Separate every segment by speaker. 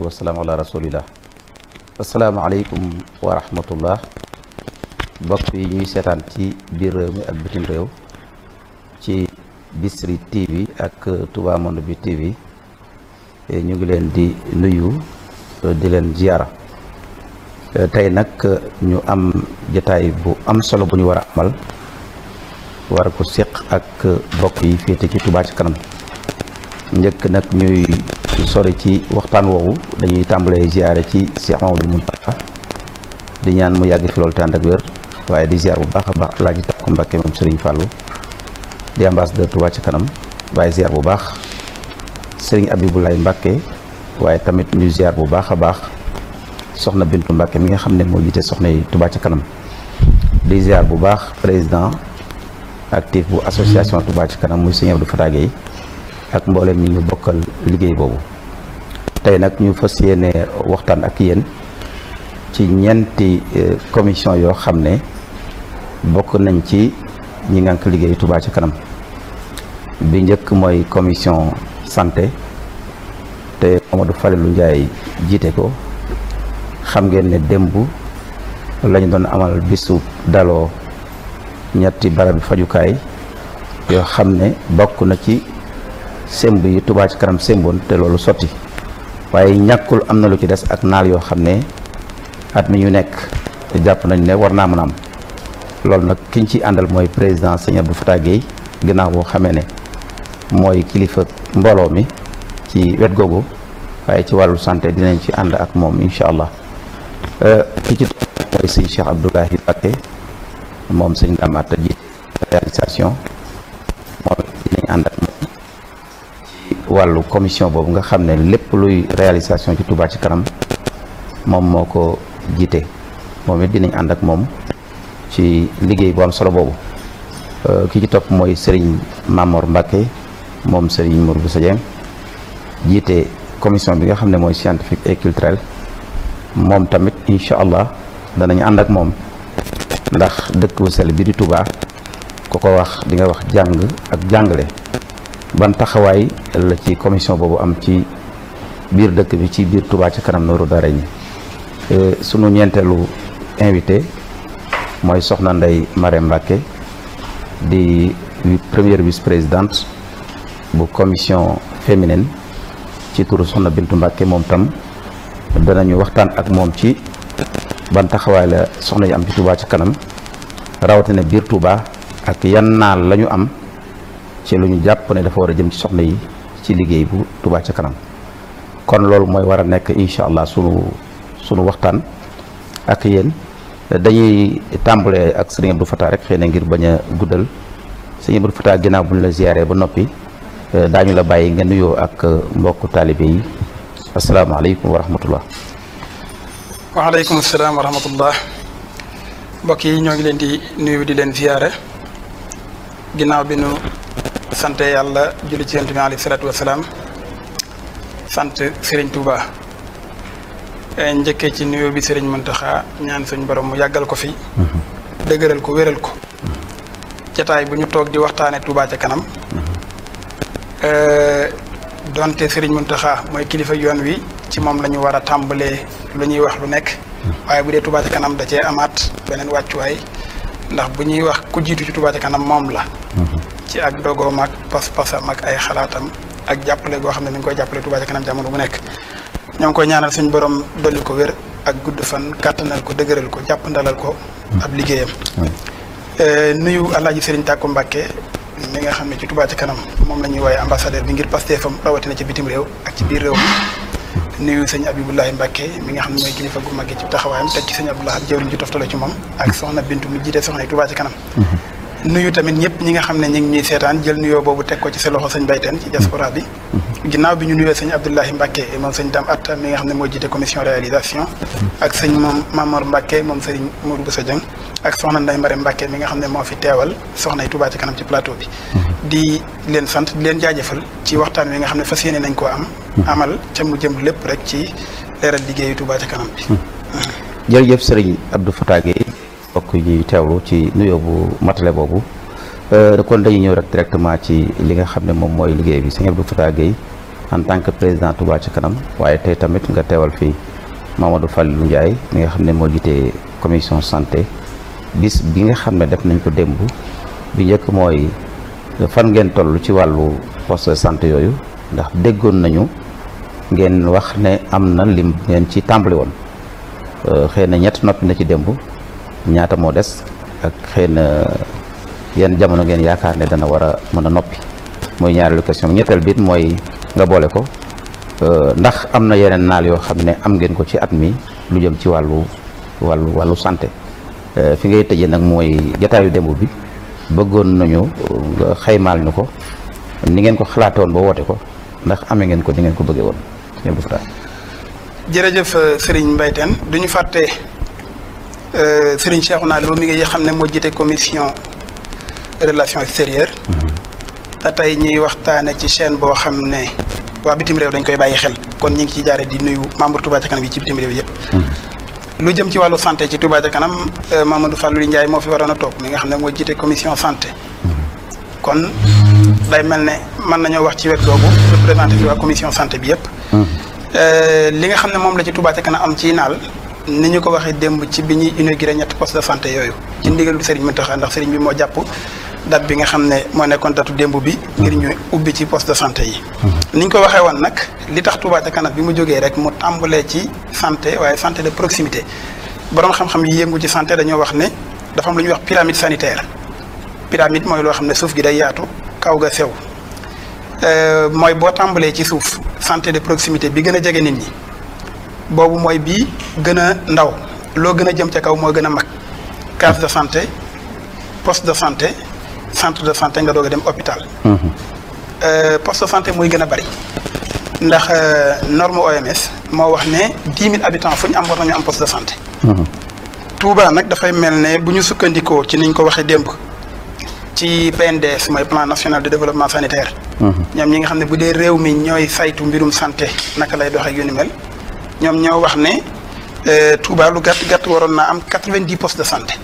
Speaker 1: wasalaamu ala rasulillah asalaamaaleykum wa rahmatullah bokk yi ñuy seetaan ci biir réew mi ak bitim réew ci Bichri TV ak Touba Monde bi TV ñu ngi leen di nuyu di leen ziyaara tey nag ñu am jataay bu am solo bu ñu war a amal war ko séq ak bokk yi féete ci Touba ci kanam njëkk nag ñuy sori ci waxtaan woowu dañuy tàmbalee ziare ci Cheikh Mamadou Mountakha di ñaan mu yàgg fi loolu tànd ak wér waaye di ziar bu baax a baax laaj Takku Mbacké moom Serigne Fallou di ambassadeur Touba Ca Kanam waaye ziar bu baax Serigne Abibulaay Mbacké waaye tamit ñu ziar bu baax a baax soxna Bintu Mbacké mi nga xam ne moo jiite soxna yi Touba Ca Kanam di ziar bu baax président actif bu association Touba Ca Kanam muy Serigne Abdou Fatah ak mboolem ñi ñu bokkal liggéey boobu tey nag ñu fas yéene waxtaan ak yéen ci ñenti euh, commission yoo xam ne bokk nañ ci ñi ngànk liggéey Touba ci kanam bi njëkk mooy commission santé te Amadou Falelu Ndiaye jiite ko xam ngeen ne démb lañu doon amal bisu daloo ñetti barabi fajukaay yoo xam ne bokk na ci semb yi Touba ci kanam semboon te loolu sotti waaye ñàkkul am na lu ci des ak naal yoo xam ne at mi ñu nekk te jàpp nañ ne war naa mën a am loolu nag kiñ ñu ciy àndal mooy président Sëñ Abdou Fatah Guèye ginnaaw boo xamee ne mooy kilifa mbooloo mi ci wet googu waaye ci wàllu sante dinañ ci ànd ak moom incha allah euh, ki ci mooy sëñ Cheikh Abdoulahi Bakke moom sëñ Damaata jiit réalisation moom dinañ ànd ak moom walu commission boobu nga xamne ne luy réalisation ci Touba ci kanam mom moko jité jiite dinañ and ak mom ci liggéey bu am solo euh ki ci top moy Serigne mamour mbacké mom Serigne mourou Bousso jité jiite commission bi nga xamne ne scientifique et culturel mom tamit inshallah allah danañ ànd ak mom ndax dekk wu sel bi di Touba koko wax di nga wax jang ak jangalé ban taxawaay la ci commission boobu am ci biir dëkk bi ci biir Touba ci kanam nooru dara ñi euh, sunu ñeenteelu invité mooy soxna Ndeye Marème Mbacké di première vice-présidente bu commission féminine ci turu soxna Bintu Mbacké moom tam danañu waxtaan ak moom ci ban taxawaay la soxna yi am ci Touba ci kanam rawatina biir Touba ak yan naal lañu am ci luñu japp ne dafa wara jëm ci soxna yi ci liggéey bu Touba ci kanam kon lool moy wara nek inshallah allah sunu sunu waxtan ak yeen dañuy tàmbalee ak yang Abdou Fatta rek xëy ngir baña guddal Serigne Abdou Fatta ginnaaw buñ la ziaré ba noppi eh, dañu la bayyi nga nuyo ak eh, mbokk talibé yi alaykum wa rahmatullah.
Speaker 2: alaykum assalam wa rahmatullah mbokk yi ñoo ngi leen di nuyu di leen ziaré ginaaw bi nu sant yàlla julli ci yonent bi alayhi salaatu wasalaam sant Serigne Touba njëkkee ci nuyoo bi Serigne Mountakha ñaan suñ borom mu yàggal ko fi. dëgëral ko wéral ko. jataay bu ñu toog di waxtaanee Touba ca kanam. Euh, donte Serigne Mountakha mooy kilifa yoon wi ci moom la ñu war a tàmbalee lu ñuy wax lu nekk. waaye bu dee Touba ca kanam da cee amaat beneen wàccuwaay ndax bu ñuy wax ku jiitu ci Touba ca kanam moom la. ci ak dogoom ak pas-pasam mag ay xalaatam ak jàppale goo xam ne mi ngi koy jàppale Touba ca kanam jamono bu nekk ñoo ngi koy ñaanal suñu borom dolli ko wér ak gudd fan kàttanal ko dëgëral ko jàppandalal ko ab liggéeyam euh, nuyu alaaji Sëriñ Tàkku mbakke mi nga xam ne ci Touba ca kanam moom la ñuy wooye ambassadeur bi ngir pasteefam rawatina ci bitim réew ak ci biir réew mi nuyu sëñ Abibulahi Mbàkke mi nga xam ne mooy kilifa gu màgge ci taxawaayam teg ci sëñ Abdoulahi jëwriñ ju ci moom ak soxna Bintu mu jiite soxna yi nuyu tamit ñëpp ñi nga xam ne ñu ngi ñuy seetaan jël nuyoo boobu teg ko ci sa loxo sëñ Bayteen ci diaspora bi ginnaaw bi ñu nuyoo sëñ Abdoulahi Mbacke moom sëñ Dame Atta mi nga xam ne moo jiite commission réalisation ak sëñ moom Mamor Mbacke moom sëriñ Mourou Boussa Dieng ak soxna Nday Mbare Mbacke mi nga xam ne moo fi teewal soxna yi Touba ci kanam ci plateau bi di leen sant di leen jaajëfal ci waxtaan wi nga xam ne fas yéene nañ koo am amal ca mu jëm lépp rek ci leeral liggéeyu ci kanam
Speaker 1: bi jërëjëf sëriñ Abdou Fatah Gueye mbokk ñuy teewlu ci nuyoo bu matale boobu euh, kon dañuy ñëw rek directement ci li nga xam ne moom mooy liggéey bi sëñ Abdou Fatah Gueye en tant que président Touba ci kanam waaye tey tamit nga teewal fii Mamadou lu Ndiaye mi nga xam ne moo jiite commission santé bis bi nga xam ne def nañ ko démb bi njëkk mooy fan ngeen tollu ci wàllu poste de santé yooyu ndax déggoon nañu ngeen wax ne am na lim ngeen ci tàmbali woon euh, xëy na ñett noppi na ci démb ñaata moo des ak xëy na yan jamono ngeen yaakaar ne dana war a mën a noppi mooy ñaareelu question bi ñetteel bi mooy nga boole ko euh, ndax am na yeneen naal yoo xam ne am ngeen ko ci at mi lu jëm ci wàllu wàllu wàllu santé euh, fi ngay tëjee nag mooy jataayu démb bi bëggoon nañu nga xaymaal ñu ko ni ngeen ko xalaatoon woon ba woote ko ndax amee ngeen ko ni ngeen ko bëggee woon
Speaker 2: jërëjëf euh, Serigne Mbaye Tène duñu fàtte Euh, Serigne naa Lo mi ngi xam ne moo jiite commission relation extérieures te mm-hmm. tey ñuy waxtaane ci chaine boo xam ne waa bitim réew dañ koy bàyyi xel kon ñu ngi ci jaare di nuyu membre Touba ca kanam yi ci bitim réew yëpp
Speaker 3: mm-hmm.
Speaker 2: lu jëm ci wàllu santé ci Touba ca kanam euh, Mamadou Fallou njaay moo fi waroon a toog mi nga xam ne moo jiite commission santé mm-hmm. kon day mel ne mën nañoo wax ci wet boobu représenté fi waa commission santé bi yëpp euh, li nga xam ne moom la ci Touba ca kanam am ci naal ni ñu ko waxee démb ci bi ñuy inauguré ñetti poste de santé yooyu. ci ndigalu Serigne Mountakha ndax Serigne bi moo jàpp date bi nga xam ne moo nekkoon datu démb bi. ngir ñu ubbi ci poste de santé yi. Mhm. ni ñu ko waxee woon nag li tax Touba ca kanam bi mu jógee rek mu tàmbalee ci santé waaye santé de proximité borom xam-xam yi yëngu ci santé dañoo wax ne dafa am lu ñuy wax pyramide sanitaire pyramide mooy loo xam ne suuf gi day yaatu kaw ga sew euh, mooy boo tàmbalee ci suuf santé de proximité bi gën a jege nit ñi. boobu mooy bii gën a ndaw loo gën a jëm ca kaw moo gën a mag case de santé poste de santé centre de santé nga doog dem hôpital. Mhm. Euh, poste de santé mooy gën a bari. ndax euh, norme OMS moo wax ne dix mille habitants fu ñu am war nañu am poste de santé. Mhm. Touba nag dafay mel ne bu ñu sukkandikoo ci niñ ko waxee démb ci PNDS mooy plan national de développement sanitaire. Mhm. ñoom ñi nga xam ne bu dee réew mi ñooy saytu mbirum santé naka lay doxee yu ni mel. ñoom ñoo wax ne euh, Touba lu gàtt gàtt waroon naa am quatre-vingt-dix postes de santé.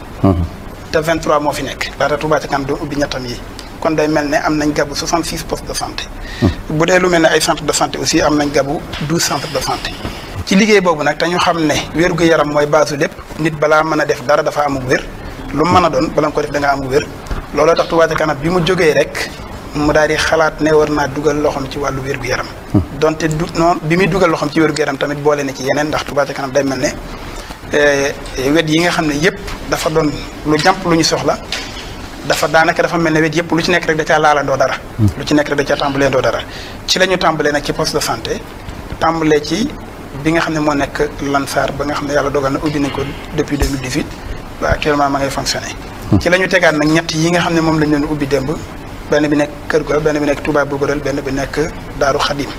Speaker 2: te vingt-trois moo fi nekk. laata Touba ca kanam doon ubbi ñettam yi kon day mel ne am nañ gabu soixante-six postes de santé. bu dee lu mel ne ay centres de santé aussi am nañ gabu douze centres de santé. ci liggéey boobu nag dañu xam ne gu yaram mooy baasu lépp nit balaa mën a def dara dafa amug wér lu mën a doon bala nga ko def da nga amug wér looloo tax Touba ca kanam bi rek. mu daal di xalaat ne war naa dugal loxoom ci wàllu wér-gu-yaram donte du noonu bi muy dugal loxoom ci wér-gu-yaram tamit boole na ci yeneen ndax Touba ca kanam day mel ne eh, wet yi nga xam ne yëpp dafa doon lu jàmp lu ñu soxla dafa daanaka dafa mel ne wet yëpp lu ci nekk rek da caa laalandoo dara lu ci nekk rek da ca tàmbalee doo dara ci la ñu tàmbalee nag ci poste de santé tàmbalee ci bi nga xam ne moo nekk Lansar ba nga xam ne yàlla dogal na ubbi nañ ko depuis 2018 ba ma ngay fonctionné hmm. ci la ñu tegaat nag ñett yi nga xam ne moom lañ ubbi démb benn bi nekk Kër Gorel benn bi nekk tubaab bu Gorel benn bi nekk Daaru Xadim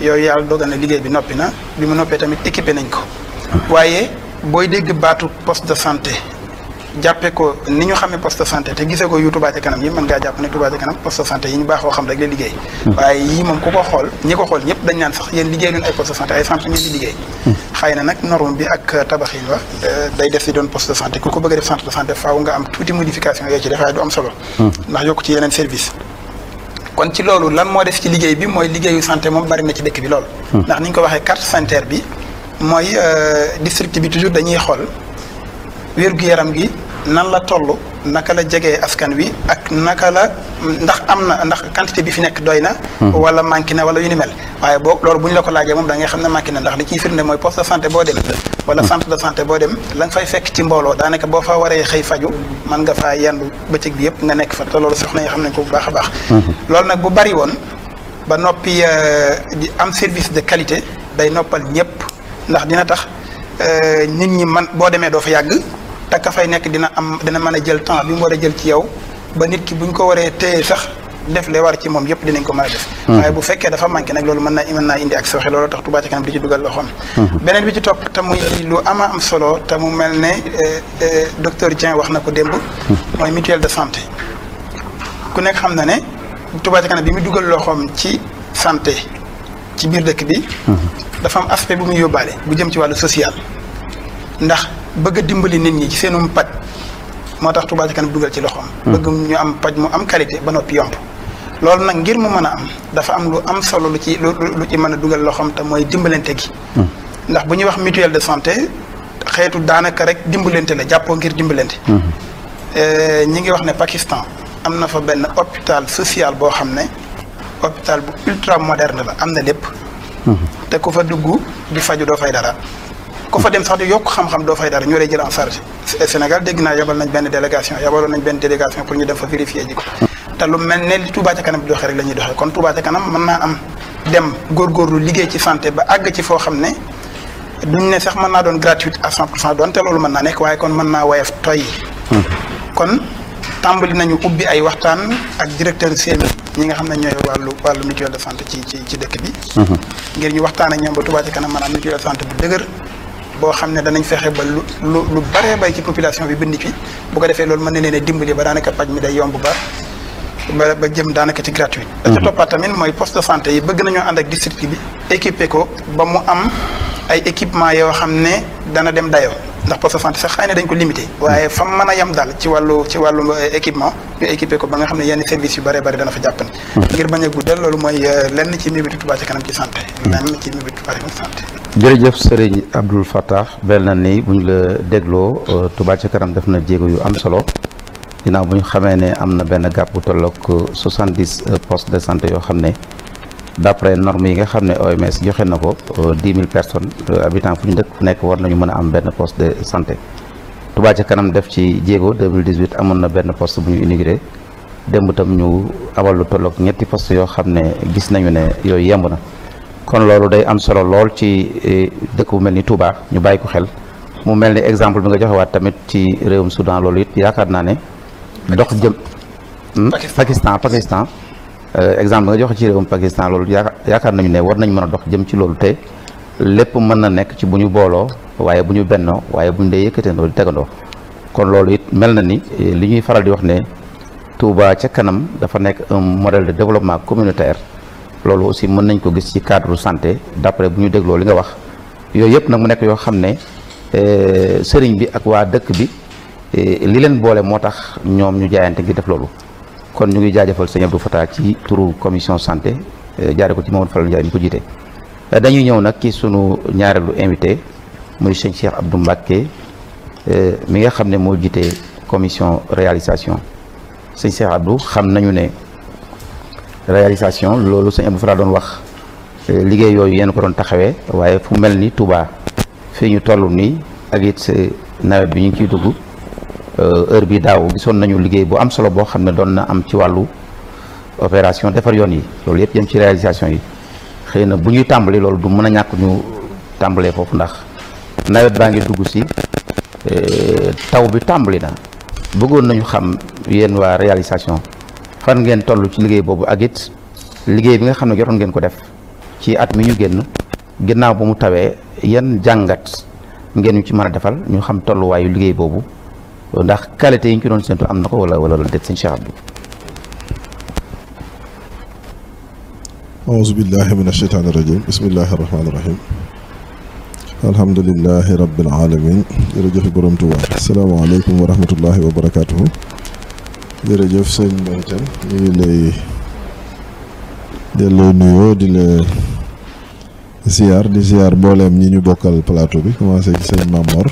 Speaker 2: yooyu yàlla dogal na liggéey bi noppi na bi mu noppee tamit équipé nañ ko hmm. waaye booy dégg baatu poste de santé jàppee ko ni ñu xamee poste santé te gisee ko yu Touba kanam yi mën ngaa jàpp ne Touba ca kanam poste santé yi ñu baaxoo xam rek la liggéey hmm. waaye yii moom ku ko xool ñi ko xool ñëpp dañ naan sax yéen liggéey leen ay poste santé ay centre ngeen di liggéey hmm. bi ak tabax yi wax euh, day def si doon poste santé ku ko bëgg a def centre de santé faaw nga am tuuti modification yoo ci def waaye du am solo hmm. ndax yokk ci yeneen service kon ci loolu lan moo def ci liggéey bi mooy liggéeyu santé moom bari na ci dëkk bi lool ndax ni ñu ko waxee carte sanitaire bi mooy euh, district bi toujours dañuy xool wér-gu-yaram gi nan la toll naka la jegee askan wi ak naka la ndax am na ndax quantité bi fi nekk doy na hmm. wala manqué na wala yu ni mel waaye boo loolu bu ñu la ko laajee moom da ngay xam ne manqué na ndax li ciy firnde mooy poste de santé boo dem wala hmm. centre de santé boo dem la nga fay fekk ci mbooloo daanaka boo fa waree xëy faju mën nga faa yendu bëccëg bi yëpp nga nekk fa te loolu soxna yi xam nañ ko baax a baax hmm. loolu nag bu bari woon ba noppi euh, di am service de qualité day noppal ñëpp ndax dina tax euh, nit ñi man boo demee doo fa yàgg te ka fay nekk dina am dina mën a jël temps bi mu war a jël ci yow ba nit ki buñ ko waree téye sax def li war ci moom yëpp dinañ ko mën a def hmm. waaye bu fekkee dafa manqué nag loolu mën naa mën naa indi ak sooxe loolu tax Touba ca kanam di ci dugal loxoom hmm. beneen bi ci topp te muy lu ama am te mu mel ne eh, eh, docteur Dieng wax na ko démb hmm. mooy mutuelle de santé ku nekk xam na ne Touba ca bi mu dugal loxoom ci santé ci biir dëkk bi dafa am aspect bu muy yóbbaale bu jëm ci wàllu social ndax bëgg dimbali nit ñi ci seenum paj moo tax Touba Ca dugal ci loxoom. Hmm. bëgg ñu am paj mu am qualité ba noppi yomb. loolu nag ngir mu mën a am dafa am lu am solo lu ci lu lu ci mën a dugal loxoom te mooy dimbalante gi. Hmm. ndax bu ñuy wax mutuel de santé xeetu daanaka rek dimbalante la jàppoo ngir dimbalante. Hmm. Euh, ñi ngi wax ne Pakistan am na fa benn hôpital social boo xam ne hôpital bu moderne la am na lépp. te ku fa dugg di faju doo fay dara. ko fa dem sax di yok xam-xam do fay dara ñu lay jël en charge Sénégal dégg na yabal nañ ben délégation yabaloon nañ ben délégation pour ñu dem fa vérifier ji ko lu melne li Touba ci kanam di doxee rek lañuy doxé kon Touba ci kanam mën na am dem lu liggé ci santé ba ag ci fo xamné duñ né sax mën na doon gratuite à 100 pour cent doonte loolu mën naa nekk waaye kon mën na wayef toy kon tambali nañu ubbi ay waxtaan ak directeur CMI ñi nga xamna ñoy walu walu mutuelle de santé ci ci dëkk bi. ngir ñu waxtaan ak ñoom ba Touba ci kanam maanaam mutuelle de santé bu dëgër bo xamne ne danañ fexé ba lu lu lu bay ci population bi bind fi bu ko défé lool mën na dimbali ba daanaka paj mi day yomb ba ba jëm daanaka ci gratuit. da mhm. ci toppaat tamen moy poste de santé yi bëgg nañu and ak district bi équipé ko ba mu am ay équipement yo xamne dana dem dayo ndax poste de santé sax xayna dañ ko limité waye fam mëna yam dal ci walu ci walu euh, équipement ñu équipé ko ba nga xamne yenn service yu bare bare dana fa japp
Speaker 3: mhm. ngir
Speaker 2: baña guddal loolu moy euh, lenn ci mébétu tuba ci kanam ci santé mhm. lenn ci mébétu tuba ci
Speaker 1: santé jërëjëf sëriñ Abdul Fattah mel na ni bu ñu la dégloo euh, Touba ca kanam def na jéego yu am solo ginnaaw bu ñu xamee ne am na benn gàpp bu tolloog euh, soixante-dix euh, postes de santé yoo xam ne d'après normes yi nga xam ne OMS joxe na ko dix mille personnes habitants fu ñu dëkk fu nekk war nañu mën a am benn poste de santé tubaat ca kanam def ci jéego 2018 amoon na benn poste bu ñu inauguré démb tam ñu abal lu ñetti poste yoo xam ne gis nañu ne yooyu yemb na. kon loolu day am solo lool ci e, dëkk bu mel ni Touba ñu bàyyi ko xel mu mel ni exemple bi nga joxe tamit ci réewum Soudan loolu it yaakaar naa ne. dox jëm hmm? Pakistan Pakistan euh, exemple bi nga joxe ci réewum Pakistan loolu yaakaar nañu ne war nañ mën a dox jëm ci loolu te lépp mën na nekk ci bu ñu booloo waaye bu ñu bennoo waaye bu ñu dee yëkkateendoo di tegandoo kon loolu it mel na ni e, li ñuy faral di wax ne Touba ca kanam dafa nekk un modèle de développement communautaire. loolu aussi mën nañ ko gis ci cadre santé d'après bu ñu dégloo li nga wax yooyu yëpp nag mu nekk yoo xam ne euh, sëriñ bi ak waa dëkk bi euh, li leen boole moo tax ñoom ñu jaayante ngir def loolu kon ñu ngi jaajëfal sëñ Abdou Fata ci turu commission santé euh, jaare ko ci Mamadou Fall Ndiaye mi ko jiite dañuy ñëw nag ci suñu ñaareelu invité muy sëñ Cheikh Abdou Mbacké mi nga xam ne moo jiite commission réalisation sëñ Cheikh Abdou xam nañu ne réalisation loolu bu Abdou Fra doon wax euh, liggéey yooyu yéen ko doon taxawee waaye fu mel ni Touba fii ñu toll nii ak it nawet bi ñu ngi ciy dugg euh, heure bi daaw gisoon nañu liggéey bu am solo boo xam ne doon na am ci wàllu opération defar yoon yi loolu yëpp jëm ci réalisation yi xëy na bu ñuy tàmbali loolu du mën a ñàkk ñu tàmbalee foofu ndax nawet baa ngi dugg si euh, taw bi tàmbali na bëggoon nañu xam yéen waa réalisation fan ngeen tollu ci liggéey boobu ak it liggéey bi nga xam ne jotoon ngeen ko def ci at mi ñu génn ginnaaw ba mu tawee yan jàngat ngeen ñu ci mën a defal ñu xam tolluwaayu liggéey boobu ndax qualité yi ñu ci doon séntu am na ko wala wala loolu déet sëñ Cheikh Abdou.
Speaker 4: auzu billahi min asheytaani rajim bismillahi rahmaani rahim alhamdulilahi rabbil alamin jërëjëf borom Tuubaa asalaamaaleykum wa rahmatullahi wa barakaatuhu jërëjëf sëñ Mbaye Thiam ñu ngi lay delloo di la ziar di ziar mbooleem ñi ñu bokkal plateau bi commencé ci sëñ Mamor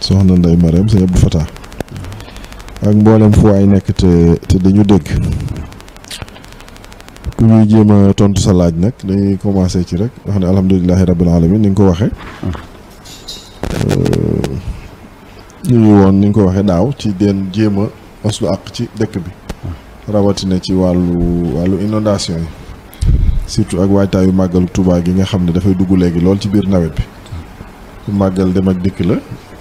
Speaker 4: soxna Ndeye Marème sëñ Abdou Fatah ak mbooleem fu ay nekk te te dañu dégg ku ñuy jéem a tontu sa laaj nag dañuy commencé ci rek wax ne alhamdulilahi rabbil alamin ni nga ko waxee ah. euh, ñu ngi woon ni nga ko waxee daaw ci den jéem maslu àq ci dëkk bi rawatina ci wàllu wàllu inondation yi surtout ak waajtaayu màggal tubaa gi nga xam ne dafay dugg léegi lool ci biir nawet bi màggal dem ak dikk la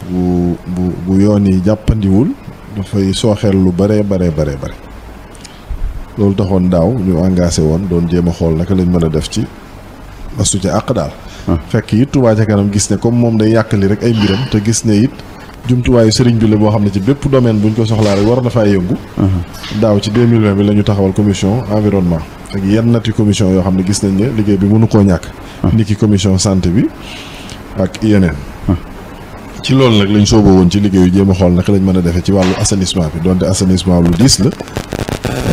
Speaker 4: bu bu bu yoon yi jàppandiwul dafay sooxeel lu bare bare bare bare loolu taxoon daaw ñu engagé woon doon jéem a xool naka lañ mën a def ci masu ca àq daal ah. fekk it Touba ca kanam gis ne comme moom day yàqali rek ay mbiram te gis ne it jumtuwaayu sëriñ bi la boo xam ne ci bépp domaine bu ñu ko soxlaa rek war na faa yëngu.
Speaker 3: Uh-huh.
Speaker 4: daaw ci 2020 bi la ñu taxawal commission environnement ak yenn nati commission yoo xam ne gis nañ ne liggéey bi mënu koo ñàkk. Uh-huh. ni ki commission santé bi ak yeneen. Uh-huh. ci loolu nag lañ sooboo woon ci liggéeyu jéem a xool naka lañ mën a defee ci wàllu assainissement bi donte assainissement lu diis la.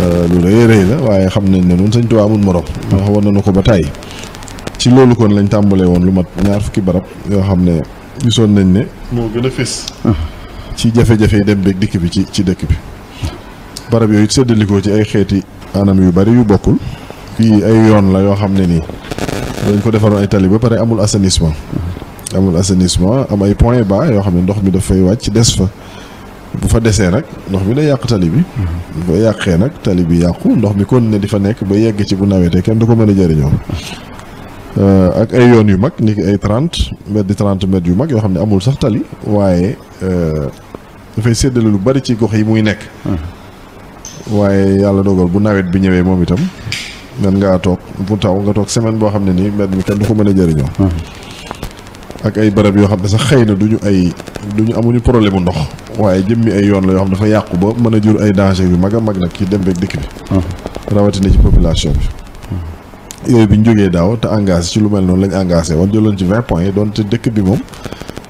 Speaker 4: Euh, lu rëy rëy la waaye xam nañ ne noonu sëñ Tuubaa amul morom. wax woon nañu ko ba tàyyi. ci loolu kon lañ tàmbalee woon lu mat ñaar fukki barab yoo xam ne. gisoon nañ ne. moo gën a fés. ci jafe-jafe dem beeg dikk bi ci ci dëkk bi. barab yooyu séddalikoo ci ay xeeti anam yu bari yu bokkul. fii ay yoon la yoo xam ne nii. dañ ko defaroon ay tali ba pare amul assainissement. amul assainissement am ay point bas yoo xam ne ndox mi dafay wàcc des fa. bu fa desee nag ndox mi day yàq tali bi. bu yàqee nag tali bi yàqu ndox mi kon ne di fa nekk ba yegg ci bu nawetee kenn du ko mën a jariñoo Euh, ak ay yoon yu mag ni ay trente mètres di trente yu mag yoo xam ne amul sax tali waaye euh, dafay séddale lu bari ci gox yi muy nekk uh-huh. waaye yàlla dogal bu nawet bi ñëwee moom itam man ngaa toog bu taw nga toog semaine boo xam ne nii mbedd mi kenn du ko mën a jëriñoo uh-huh. ak ay bërëb yoo xam ne sax xëy na du ñu ay du ñu amuñu problème mu ndox waaye jëmmi ay yoon la yoo xam dafa yàqu ba mën a jur ay danger yu mag a mag nag ci dem beeg dikk bi uh-huh. rawatina ci population bi yooyu bi ñu jógee daaw te engage ci lu mel noonu la ñu engagé woon jëloon ci vingt points yi donte dëkk bi moom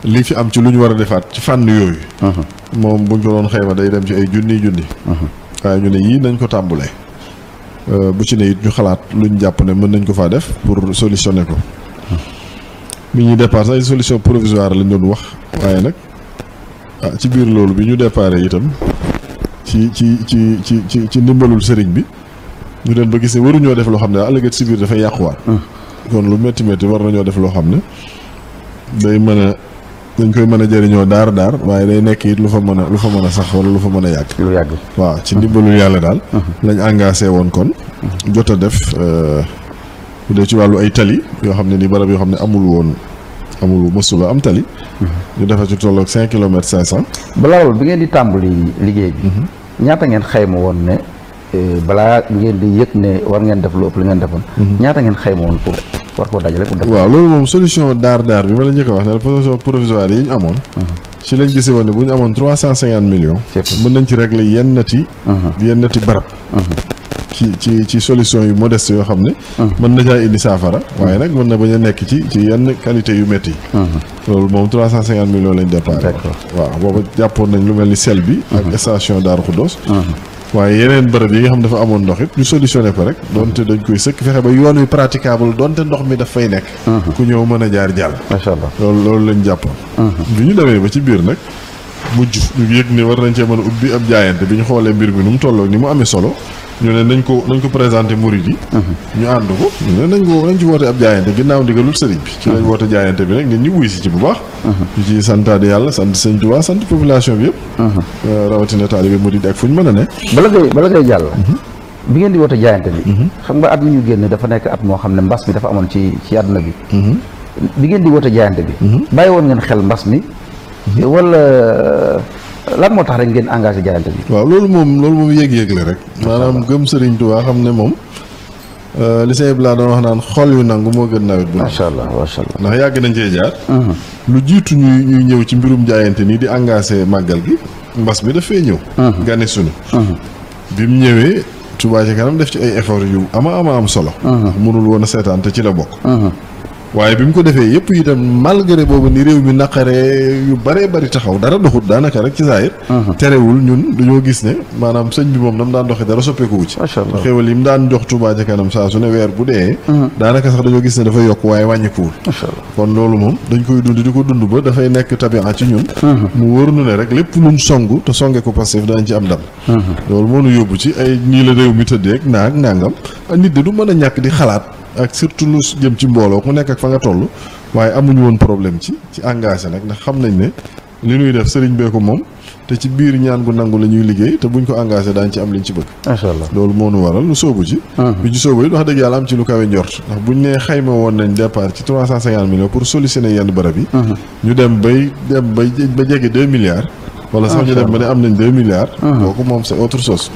Speaker 4: lii fi am ci lu ñu war a defaat ci fànn yooyu. Uh-huh. moom bu ñu ko doon xayma day dem ci ay junni junni. Uh-huh. waaye ñu ne yii nañ ko tàmbulee. Euh, bu ci ne it ñu xalaat luñ jàpp ne mën nañ ko faa def pour solutionner ko. Uh-huh. bi ñuy départ ay solution provisoire lañ doon wax waaye nag ah ci biir loolu bi ñu déparé itam ci ci ci ci ci ci ndimbalul sëriñ bi. ñu dem ba gis ne waruñoo def loo xam ne ëllëg si biir dafay yàquwaat. kon lu métti métti war nañoo def loo xam ne day mën a dañ koy mën a jëriñoo daar daar waaye day nekk it lu fa mën a lu fa mën a sax wala lu fa mën a yàgg. lu yàgg waaw ci ndimbalu yàlla daal. lañ engagé woon kon. jot a def euh, bu dee ci wàllu ay tali yoo xam ne ni barab yoo xam ne amul woon amul mësula am tali. ñu defar ci tolloog cinq kilomètres cinq cent. ba loolu bi ngeen di tàmbali liggéey ñaata ngeen xayma woon ne. Eh, balaa ngeen di yëg ne war ngeen def lu ëpp li defoon. Mhm. ñaata ngeen xayma woon pour war koo dajale pour loolu moom solution daar daar bi ma la njëkk a wax ne
Speaker 3: mhm.
Speaker 4: lañ gisee woon ne bu ñu amoon trois cent cinquante millions. mën nañ ci régler yenn nati. Mhm. yenn nati barab. ci ci ci solution yu modeste yoo xam ne. mën na caa indi saafara. waaye nag mën na bañ a nekk ci ci yenn qualité yu métti. loolu moom trois cent cinquante millions lañ départ. waaw booba jàppoon nañ lu mel ni sel bi. ak station Darou Khoudoss. waaye yeneen bërëb yi nga xam dafa amoon ndox it ñu solutionné ko rek donte dañ koy sëkk fexe ba yoon wi donte ndox mi daf fay nekk mhm. ku ñëw mën a jaar jàll macha allah loolu loolu lañ jàpp mhm. bi ñu demee ba ci biir nag mujj ñu yëg ni war nañ cee mën a ubbi ab jaayante bi ñu xoolee mbir mi nu mu tolloo ni mu amee solo ñu ne nañ ko nañ ko présenté murid yi mhm. ñu ànd ko ñu ne nañ ko nañ ci woote ab jaayante ginnaaw ndigalul sëriñ bi ci lañ mhm. woote jaayante bi nag ngeen bu baax mhm. ñu ci santaade yàlla sant sëñ Tuubaa sant population bi yëpp euh, rawatina taalibe murid ak fu ñu mën a ne bala ngay bala bi ngeen di woote
Speaker 1: jaayante bi xam nga at mi ñu génn dafa nekk at moo xam ne mbas mi dafa amoon ci ci àdduna bi bi ngeen di woote jaayante bi bàyyi woon ngeen xel mbas mi Mhm. walla euh,
Speaker 4: lan moo tax rek ngeen engagé jaayante bi. waaw loolu moom loolu moom yéeg yëg la rek. maanaam gëm Serigne waa xam ne moom. Euh, li sëñ Eblad doon wax naan xol yu nangu moo gën nawet bu. macha allah macha allah ndax yàgg nañ cee jaar. Mhm. lu jiitu ñuy ñuy ñëw ci mbirum jaayante nii di engagé màggal gi. mbas mi dafay ñëw. Mhm. gane sunu. bi mu ñëwee Touba ci kanam def ci ay effort yu ama ama am solo. mënul woon a seetaan te ci la bokk. waaye bi mu ko defee yëpp itam malgré boobu ni réew mi naqare yu bare bëri taxaw dara doxut daanaka rek ci saayir uh-huh. terewul ñun dañoo gis ne maanaam sëñ bi moom nam daan doxee dara soppeeku wu ci xéwal yi mu daan jox Touba ca kanam saa su ne weer bu dee uh-huh. daanaka sax dañoo gis ne dafa yokk waaye wàññikuwul kon loolu moom dañ koy dund di ko dund ba dafay nekk tabia ci ñun uh-huh. mu wóor nu ne rek lépp luñ song te songe ko Pastef danañ ci am ndam loolu moo nu yóbbu ci ay ñii la réew mi tëddeeg naag nangam nit de du mën a ñàkk di xalaat ak surtout lu jëm ci mbooloo ku nekk ak fa nga toll waaye amuñu woon problème ci ci engagé nag ndax xam nañ ne li ñuy def sëriñ bee ko moom te ci biir ñaan gu nangu la ñuy liggéey te buñ ko engagé daañ ci am liñ ci bëgg macha allah loolu moo nu waral lu sóobu ci ah. lu ci sóobu wax dëgg yàlla am ci lu kawe njort ndax buñ nee xayma woon nañ départ ci trois cent cinquante millions pour solutionner yenn barab yi ah. ñu dem bay dem bay ba jege deux milliards wala sax ñu dem ba ne am nañ deux milliards ah. kooku moom c'est autre chose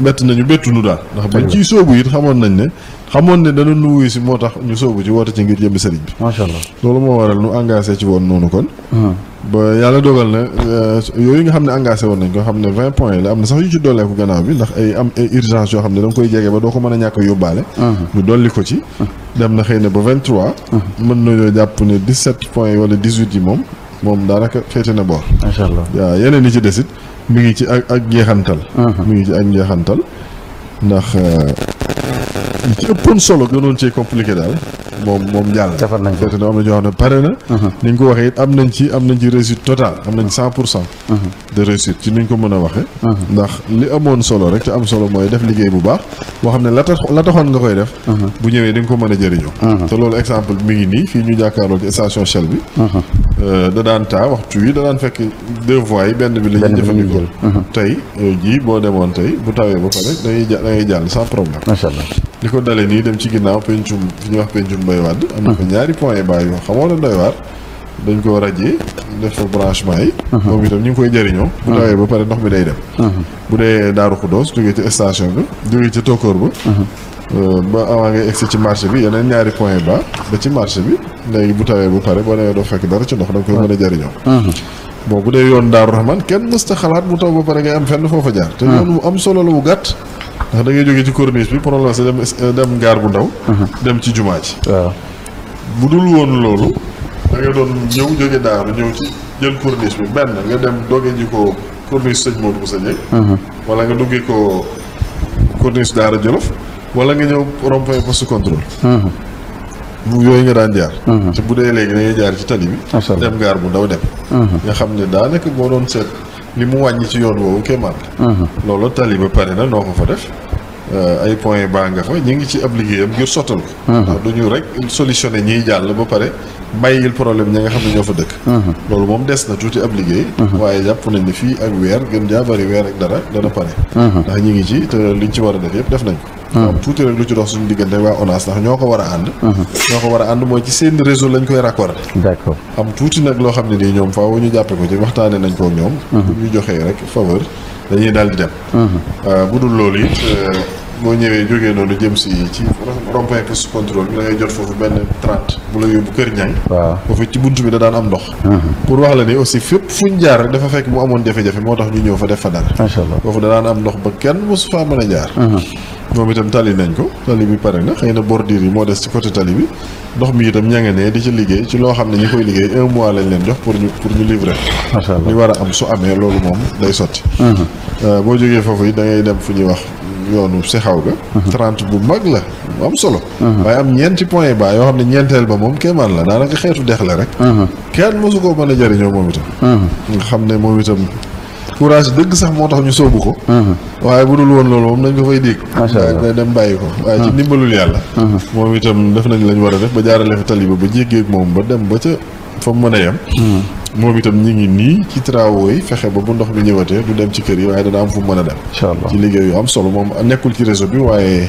Speaker 4: bett nañu bettunu daal ndax bañ ciy sóobu it xamoon nañ ne xamoon ne dana nu wuyu moo tax ñu sóobu ci woote ci ngir jëmbi sëriñ bi macha allah loolu moo waral nu engagé ci woon noonu kon hmm. ba yàlla dogal na euh, yooyu nga xam ne engagé woon nañ ko xam ne vingt points la am na sax yu ci dolleeku gannaaw bi ndax ay am urgence yoo xam ne da koy jege ba doo ko mën a ñàkk yóbbaale hmm. ñu dolli ko ci hmm. dem na xëy na ba vingt trois mën nañoo jàpp ne dix sept points wala dix huit yi moom moom daanaka féete na boor. macha allah waaw yeneen yi ci desit mi ngi ci ak ak njeexantal. Uh-huh. mi ngi ci ak njeexantal ndax euh, li ci ëppoon solo gënoon cee compliqué daal. moom moom jàll defar nañ ko seetlu uh-huh. waxee am nañ ci am nañ ci réussite totale am nañ cent uh-huh. ci ni ko mën a waxee uh-huh. ndax li amoon solo rek te am solo mooy def liggéey bu baax boo xam ne la tax la taxoon nga koy def bu ñëwee di ko mën a jëriñoo te loolu exemple mi fii ñu jàkkaarloo ci station bi euh, da daan taa waxtu yi da daan fekk deux voies yi benn bi la ñuy tey euh, jii boo demoon tey bu tawee ba pare da jàll sans problème li ko dalee nii dem ci ginnaaw Mbaye wad am na ñaari point yu bàyyi yoo xamoon doy war dañ ko rajee def fa branchement yi moom itam ñu ngi koy jëriño bu doy ba paré ndox bi day dem bu dé Daaru khodos jógee ci station bi jógee ci tokor bu euh, ba avant ngay egsi ci marché bi yeneen ñaari point ba ba ci marché bi léegi bu tawé bu paré bo né do fekk dara ci ndox da koy mëna jëriño bo bu dé yoon Daaru Rahman kenn mësta xalaat mu taw ba paré ngay am fenn fofu jaar té ñu am solo lu gatt ndax da ngay joggé ci corniche bi prolongé dem dem gar bu ndaw uh-huh. dem ci djuma ci bu dul won lolu da nga doon ñëw jóge daaru ñew ci jël corniche bi ben nga dem doge ji ko corniche seigne Modou seigne uh-huh. wala nga duggé ko corniche dara Jolof wala nga ñew rompé point poste contrôle mu uh-huh. yoy nga daan jaar ci bu dee léegi da ngay jaar ci tali bi dem gar bu ndaw dem nga xamné da naka bo don set limu wañ ci yoon woowu kéemaan la lolo tali ba pare na noko fa def Euh, ay point baa nga fa ñu ngi ci ab liggéeyam ngir sottal ko. ndax ñu rek solutionné ñiy jàll ba pare bàyyil problème ña nga xam ne ñoo fa dëkk. loolu moom des na tuuti ab liggéey. waaye jàpp nañ ne fii ak weer gën jaa bari weer ak dara dana pare. ndax ñu ngi ci te liñ ci war a def yëpp def nañ ko. waaw tuuti rek lu ci dox suñu diggante waa ONAS ndax ñoo ko war a ànd. ñoo ko war a ànd mooy ci seen réseau lañ koy raccordé. d'accord am tuuti nag loo xam ne nii ñoom faaw ñu jàppe ko ci waxtaanee nañ ko ñoom. bu ñu joxee rek faveur dañuy daal di dem. Euh, bu dul loolu it euh, moo ñëwee jógee noonu jëm si ci rond-point poste contrôle bi da jot foofu benn trente bu la yóbbu Kër Ñaay waaw foofu ci bunt bi da daan am ndox mhm. pour wax la aussi fépp fuñ jaar dafa fekk mu amoon jafe-jafe moo tax ñu ñëw fa def fa dara foofu da daan am ndox ba kenn mosu faa mën a jaar mhm. moom itam tali nañ ko tali bi pare na xëy na bordure yi moo des ci côté tali bi ndox mi itam ña nga ne di ci liggéey ci loo xam ne ñi koy liggéey un mois lañ leen jox pour ñu pour ñu livrer macha am su amee loolu moom day sotti mhm. euh, boo jógee foofu yi da ngay dem fu ñuy wax yoonu si xaw ga. Uh-huh. trente bu mag la bu am solo. Uh-huh. waaye am ñeenti point bas yoo xam ne ñeenteel ba moom kéemaan la daanaka xeetu dex la rek. Uh-huh. kenn mosu koo mën a jëriñoo moom itam. nga xam ne moom itam courage dëgg sax moo tax ñu sóobu ko. waaye bu dul woon loolu moom dañ ko fay dégg. macha allah dem bàyyi ko. waaye ci ndimbalul yàlla. moom itam def nañ lañ war a def ba jaarale fi tali ba ba jéggeeg moom ba dem ba ca fa mu mën a yem. moom itam ñi ngi nii ci travaux yi fexe ba bu ndox mi ñëwatee du dem ci kër yi waaye dana am fu mën a dem allah ci liggéey am solo moom nekkul ci réseau bi waaye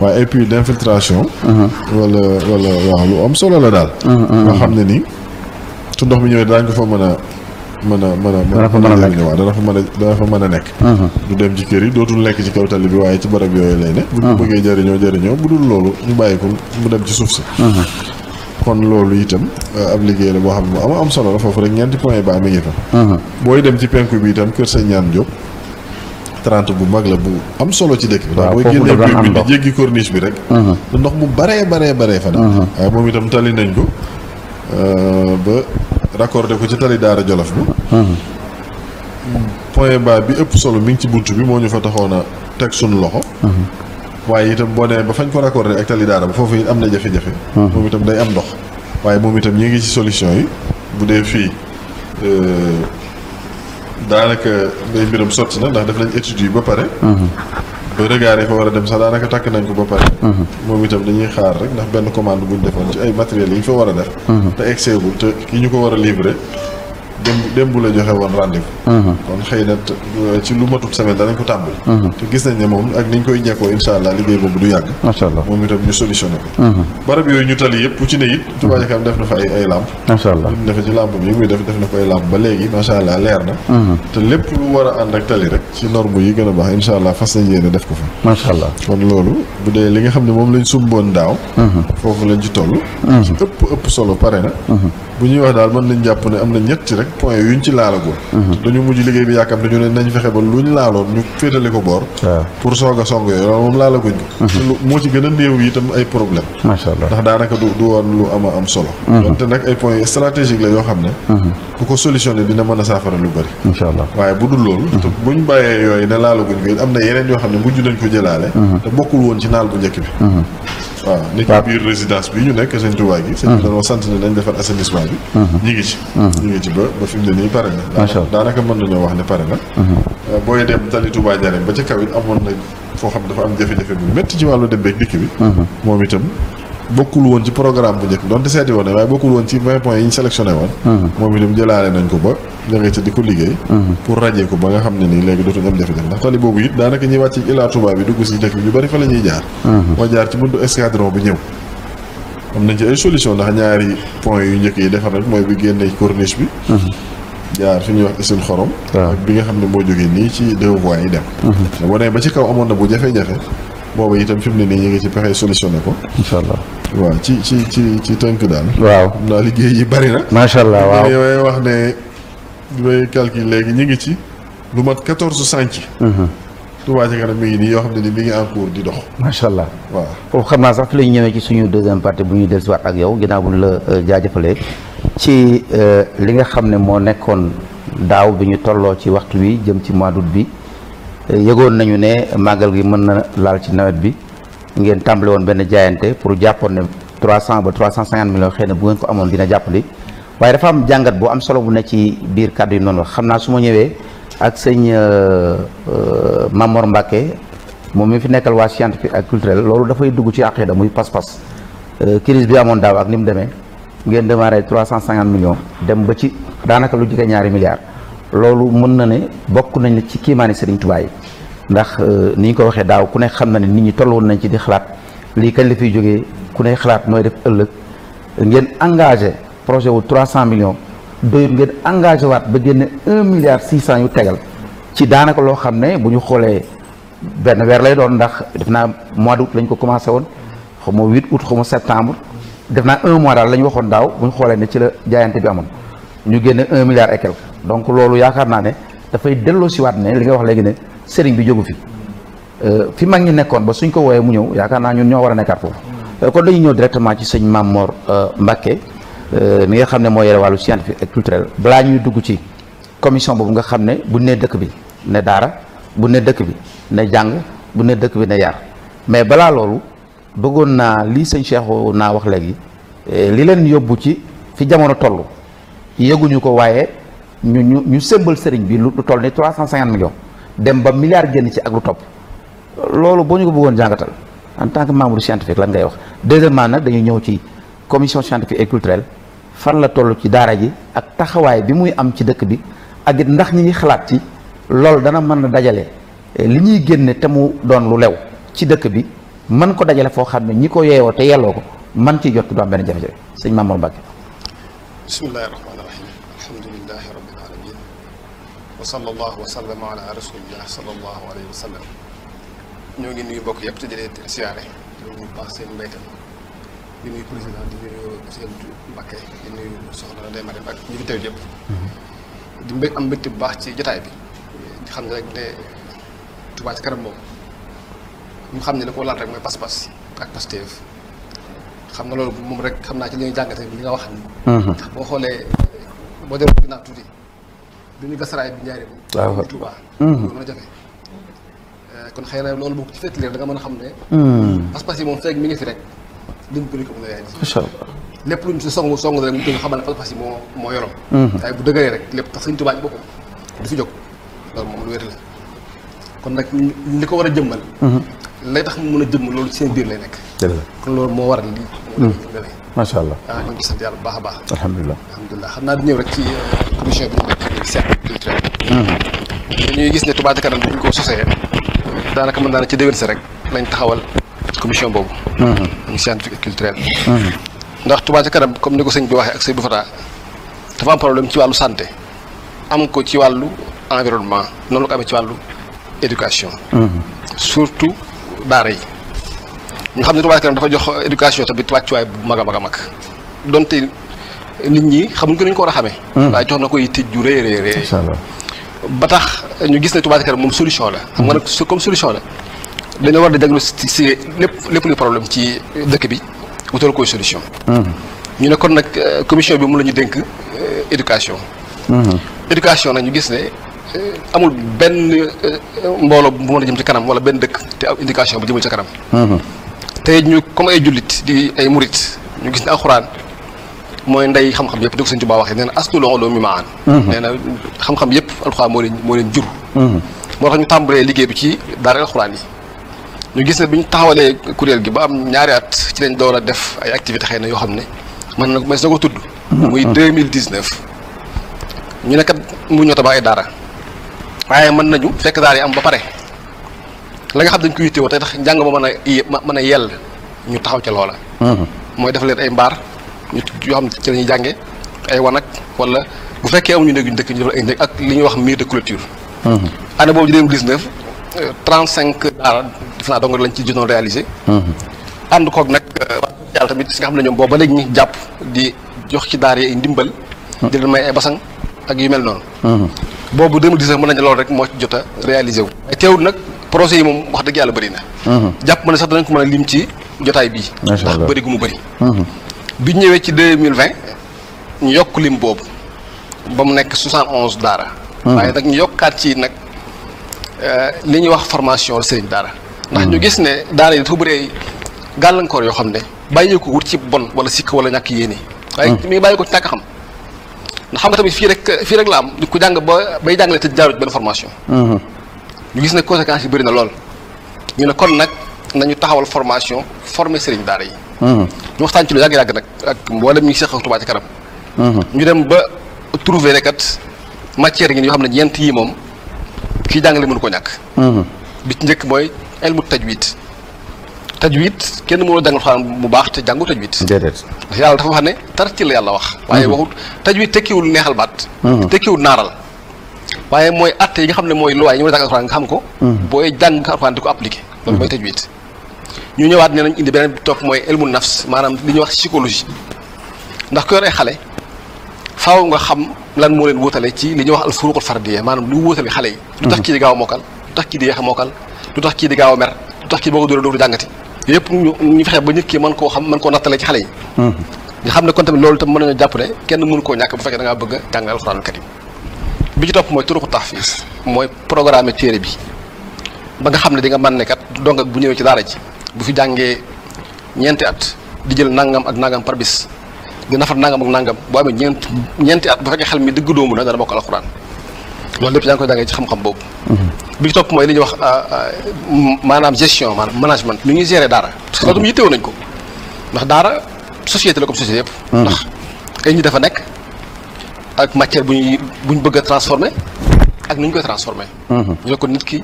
Speaker 4: waaye ay puits d'infiltration uh-huh. wala wala waaw lu am solo la daal uh-huh, uh-huh. nga xam ne ni su ndox mi ñëwee daañ ko fa mën a mën a mën a dana fa mën a nekk dana mën a mën a nekk du dem ci kër yi dootul lekk ci kaw bi waaye ci barab yooyu lay ne bu ñu bëggee jëriñoo jëriñoo bu dul loolu ñu bàyyi ko mu dem ci suuf si kon loolu itam euh, ab liggéey la boo xam ne mu am am solo la foofu rek ñeenti point ba mi fa. Uh-huh. booy dem ci penku bi itam kër sa Ñaan Diop. trente bu mag la bu am solo ci dëkk bi. waaw booy génnee biir bi di jéggi corniche bi rek. Uh-huh. ndox mu baree baree baree fa. Uh-huh. waaye moom itam tali nañ ko euh, ba raccordé ko ci tali Daara Jolof bi. point ba bi ëpp solo mi ngi ci bunt bi moo ñu fa taxoon a teg suñu loxo. waaye itam boo nee ba fañ ko raccordé ak tali daara ba foofu it am na jafe-jafe. Mhm. moom itam day am ndox. waaye moom itam ñi ngi ci solution yi bu dee fii euh, daanaka mbay mbiram sotti na ndax def nañ études yi ba pare. Mhm. ba regard yi fa war a dem sax daanaka takk nañ ko ba pare. Mhm. moom itam dañuy xaar rek ndax benn commande buñ defoon ci ay matériels yi ñu fa war a def. te egg seegul te ki ñu ko war a livrer. démb démb la joxe woon rendez mhm. kon xëy na euh, ci lu matut semaine danañ ko tàmbali. Mhm. te gis nañ ne moom ak niñ koy ñekkoo incha allah liggéey boobu du yàgg. macha allah moom itam ñu def na fa ay làmp. macha allah ci làmp bi muy def def na ko ay làmp ba léegi macha leer na. Mhm. te lépp lu war a ànd ak tali rek ci norme yi gën a baax incha fas nañ yéene def ko fa. macha kon loolu bu dee li nga xam ne moom lañ sumboon daaw. foofu lañ ci toll.
Speaker 3: ëpp
Speaker 4: ëpp solo pare na. bu ñuy wax daal mën nañ jàpp ne am na ñetti rek point yuñ ci laalagul mhm. dañu mujj liggéey bi yaakaar dañu ne nañ fexe ba luñ laaloon ñu féetale ko boor pour soog a song yooyu loolu moom laalaguñ ko mhm. moo ci gën a néew itam ay problème macha allah ndax daanaka du du woon lu am am solo donte mhm. nag ay point stratégique la yoo xam ne bu ko solution solutionné dina mën a saafara lu bëri incha allah waaye bu dul loolu te buñ bàyyee yooyu ne laalaguñ ko am na yeneen yoo xam ne mujj nañ ko jëlaale te bokkul woon ci naal bu njëkk waaw nit ñi biir résidence bi ñu nekk sëñ Touba gi sëñ bi dañoo sant ne dañ defar assainissement bi mhm. ñi ngi ci mhm. ñi ngi ci ba ba fi ne nii pare na daanaka mën nañoo wax ne pare na mhm. euh, booy dem tali Touba Ndiarème ba ca kaw amoon nañ foo xam dafa am jafe-jafe bu métti ci wàllu dem beeg dikk bi moom itam bokkul woon ci programme bu njëkk doonte seeti woon ne waaye bokkul woon ci vingt points yi ñu sélectionné woon uh-huh. moom itam jëlaale nañ ko ba da ngay ca di ko liggéey uh-huh. pour rajee ko ba nga xam ne nii léegi dootuñu am jafe-jafe ndax tali boobu it daanaka ñuy wàcc ilaa Touba bi dugg si dëkk bi ñu bari fa la ñuy jaar uh-huh. moo jaar ci to escadron bi ñëw am nañ ci ay solution ndax ñaari point yu njëkk yi defar rek mooy bi génnee corniche bi jaar fi ñuy wax isil xorom bi nga xam ne moo jógee nii ci deux voies yi dem ba ci kaw amoon na bu jafe boobu itam fi mu ne nii ñu ngi ci pexe solutionné ko. incha allah waaw ci ci ci ci tënk daal. waaw xam naa liggéey yi bari na. macha allah waaw may wax ne li may calcul ñu ci lu mat quatorze sànc. Mhm. Touba ca kanam mi yoo xam ne ni mi ngi di dox. macha allah waa
Speaker 1: foofu xam naa sax fi la ñu ñëwee ci suñu deuxième partie bu ñu dellusiwaat ak yow ginnaaw bu la euh, jaajëfalee ci euh, li nga xam ne moo nekkoon daaw bi ñu tolloo ci waxtu wi jëm ci mois d'août bi. yëgoon nañu ne màggal gi mën na laal ci nawet bi ngeen tàmbale woon benn jaayante pour jàppoon ne 300 ba 350 millions xëy na bu ngeen ko amoon dina jàppale waaye dafa am jàngat boo am solo bu ne ci biir kàddu yi noonu wax xam naa su ma ñëwee ak sëñ euh, euh, Mamor Mbacke moom mi fi nekkal waa scientifique ak culturel loolu dafay dugg ci aqida muy pas-pas euh, crise bi amoon daaw ak ni mu demee ngeen démarré 350 millions dem ba ci daanaka lu jege ñaari milliards. loolu mën na ne bokk nañ la ci kiimaani Serigne Touba yi ndax euh, ni ñu ko waxee daaw ku ne xam na ne nit ñi toll woon nañ ci di xalaat lii kañ la fiy jógee ku ne xalaat nooy def ëllëg ngeen engage projet wu 300 millions doyut ngeen engagé waat ba génne 1 milliard 600 yu tegal ci daanaka loo xam ne bu ñu xoolee benn weer lay doon ndax def naa mois d'août lañ ko commencé woon xaw ma 8 août xaw ma septembre def naa un mois daal la ñu waxoon daaw bu ñu xoolee ne ci la jaayante bi amoon ñu génne 1 milliard et quelque. donc loolu yaakaar naa ne dafay delloosiwaat ne li nga wax léegi ne sëriñ bi jógu fi euh, fi mag ñi nekkoon ba suñ ko woowee mu ñëw yaakaar naa ñun ñoo war a nekkaat foofu euh, ñëw directement ci sëñ Mame Mor euh, Mbacke mi nga xam ne moo yore wàllu scientifique et culturel balaa ñuy dugg ci commission boobu nga xam ne bu nee dëkk bi ne daara bu ne dëkk bi ne jàng bu ne dëkk bi ne yar mais balaa loolu bëggoon naa lii sëñ Cheikh naa wax léegi li leen yóbbu ci fi jamono toll yëguñu ko waaye ñu ñu ñu sëmbal sëriñ bi lu toll ni 350 millions dem ba milliard gën ci ak lu top loolu boñu ko bëggoon jangatal en tant que membre scientifique lan ngay wax deuxièmement nak dañuy ñëw ci commission scientifique et culturelle fan la toll ci daara ji ak taxaway bi muy am ci dëkk bi ak ndax ñi ngi xalaat ci loolu dana mëna dajalé eh, li ñuy gënne té mu doon lu lew ci dëkk bi man ko dajalé fo xamné ñi ko yeewoo té yelloo man ci jot do am ben jëf jëf seigne Mamour Mbacke
Speaker 5: bismillah wa sallallahu wa sallam ala rasulillah ñoo ngi nuyu bokk yëpp te di leen siyaare ñoo ngi baax seen mbéytam di nuyu président di nuyu seen mm-hmm. bu baax ci jotaay bi xam ne rek ne Touba Ca moom xam ne la ko laal rek mooy pas-pas ak Pastef xam nga loolu moom rek xam naa ci li ñuy jàngate li nga wax ni mm-hmm. ndax boo xoolee boo dee ginnaaw tuuti du ñu gas bi njaaree bi.
Speaker 3: Ah, waaw waaw Tuubaa. Hmm.
Speaker 5: Euh, kon xëy na loolu bu ci fekk leer da nga mën a xam ne. Hmm. pas-pas yi moom feeg mi ngi fi rek lim ko mën a yaay.
Speaker 3: incha
Speaker 5: si song song rek mu tënk xamal ne pas-pas yi moo moo yorom. Hmm. waaye bu dëgëree rek lépp tax Sëñ Tuubaa ci boppam du fi jóg loolu moom lu wér la kon nag ni ko war a jëmbal lay tax mu mën a jëmm loolu ci seen biir lay nekk. loolu moo waral lii. macha allah waaw ñu ngi sant bu baax baax. alhamdulilah alhamdulilah xam naa di ñëw rek ci commission bi ñu nekk cercle gis ne Touba Ca Kanam bu ñu ko sosee daanaka mën naa ci déwén si rek lañ taxawal commission boobu. muy scientifique et culturel. ndax Touba Ca Kanam comme ni ko sëñ bi waxee ak sëñ bu Fata dafa am problème ci wàllu santé am ko ci wàllu environnement noonu la ko amee ci wàllu éducation. surtout daara yi. ñu xam ne Touba ca kanam dafa jox éducation tamit wàccuwaay bu mag a mag a mag donte nit ñi xam nga ni ñu ko war a xamee. Hmm. waaye jox na ko yitte ju rëy rëy rëy. ba tax ñu gis ne Touba ca kanam moom solution la. xam nga nag comme solution la dañoo war di diagnostiquer lépp lépp luy problème ci dëkk bi wutal koy solution. Hmm. ñu ne kon nag euh, commission bi mu la ñu dénk euh, éducation. Hmm. éducation nag ñu gis ne euh, amul benn mbooloo bu mën a jëm ci kanam wala benn dëkk te éducation bi jëmul ci kanam. tey ñu comme ay jullit di ay murit ñu gis ne alxuraan mooy ndey xam-xam yëpp di ko Sëñ Tuubaa waxee nee na astu loo mi maan mhm. nee na xam-xam yëpp alxuraan moo leen moo jur mhm. moo tax ñu tàmbalee liggéey bi ci daara alxuraan yi ñu gis ne bi ñu taxawalee kuréel gi ba am ñaari at ci lañ door a def ay activité xëy na yoo xam ne mën na mas na ko tudd mhm. muy 2019 ñu ne kat mu ñoo tabax ay daara waaye mën nañu fekk daara yi am ba pare la xam dañ ko yittewoo tey tax njàng ma mën a mën a yell ñu taxaw ca loola. Mhm. mooy def leen ay mbaar ñu yoo xam ci la ñuy jànge ay wanag wala bu fekkee amuñu ñu dëkk ñu defal ay ak li ñuy wax mur de clôture. Mhm. année boobu 2019 35 daara def naa dong lañ ci jotoon réalisé. Mhm. ànd koog nag euh, wax tamit si nga xam ne ñoom boobu ba léegi ñu jàpp di jox ci daar yi ndimbal. di leen ay basang ak yu mel noonu. boobu 2019 mën nañu loolu rek moo ci jot a réalisé wu. teewul nag. projet yi moom wax dëgg yàlla bëri na. Mhm. jàpp ma ne sax danañ ko mën a lim ci jotaay bii. ndax bëri gu mu bëri. Mhm. bi ñu ñëwee ci deux mille vingt ñu yokk lim boobu ba mu nekk soixante onze daara. Mhm. waaye nag ñu yokkaat ci nag euh, li ñuy wax formation sëriñ daara. ndax ñu gis ne daara yi dafa bëree gàllankoor yoo xam ne bàyyi ko wut ci bon wala sikk wala ñàkk yéene. waaye mi bàyyi ko ci ñàkk xam. ndax xam nga tamit fii rek fii rek la am di ko jàng ba bay jàngale te jaarut benn formation. ñu gis ne conséquences yi bëri na lool ñu ne kon nag ñu taxawal formation former seriñ daara yi. Mhm. ñu waxtaan ci lu yàgg yàgg nag ak mboolem ñu seq ak Touba ca kanam. Mhm. ñu dem ba trouver rek matière yi yoo xam ne ñeent yii moom kii jàngale mënu ko ñàkk. Mhm. bi ci njëkk mooy ilmu tajwid tajwid kenn mënoo jàng alxuraan bu baax te jàngu tajwid. déedéet yàlla dafa wax ne tartil la yàlla wax. waaye waxut tajwid tekkiwul neexal baat. tekkiwul naaral. waye moy atté yi nga xamné moy loi ñu jàng alcorane xam ko hmm. boy jang alcorane diko appliquer appliqué moy mooy hmm. tajwid ñu ñëwaat né nañ indi benen topp moy ilmu nafs manam li ñu wax psychologie ndax ko yor xalé faaw nga xam lan mo leen wutalé ci li ñu wax al furuqul fardiyya manam lu wutalé xalé yi lu tax ci hmm. di gaaw mokal lu tax ci di yeex mokal lu tax ci di gaaw mer lu tax ci boo ko dóoree jangati yépp ñu ñu fexé ba ñëkke man ko xam man ko natalé ci xalé yi nga xam kon tam loolu tam mëna ñu jàpp ne kenn mënu ko ñak bu fekké da nga bëgg jang alcorane karim bi ci top moy turu tahfiz moy programme téré bi ba nga xam di nga man ne kat dong ak bu ñëwee ci dara ci bu fi jangé ñenti at di jël nangam ak nangam par bis di nafar nangam ak nangam bo am ñent ñenti at bu fekkee xel mi dëgg doomu na dara bokk alquran loolu lepp jang koy ci xam-xam
Speaker 3: mhm.
Speaker 5: bi ci top moy li ñu wax ah, ah, manam gestion man management ñu ñu géré dara mhm. parce que loolu yittewoo nañ ko ndax dara société la comme société yépp mhm. ndax ay ñi dafa nek ak matière bu ñuy bu ñu bëgg a transformer ak nu ñu koy transformer. Mhm. ñu ne ko nit ki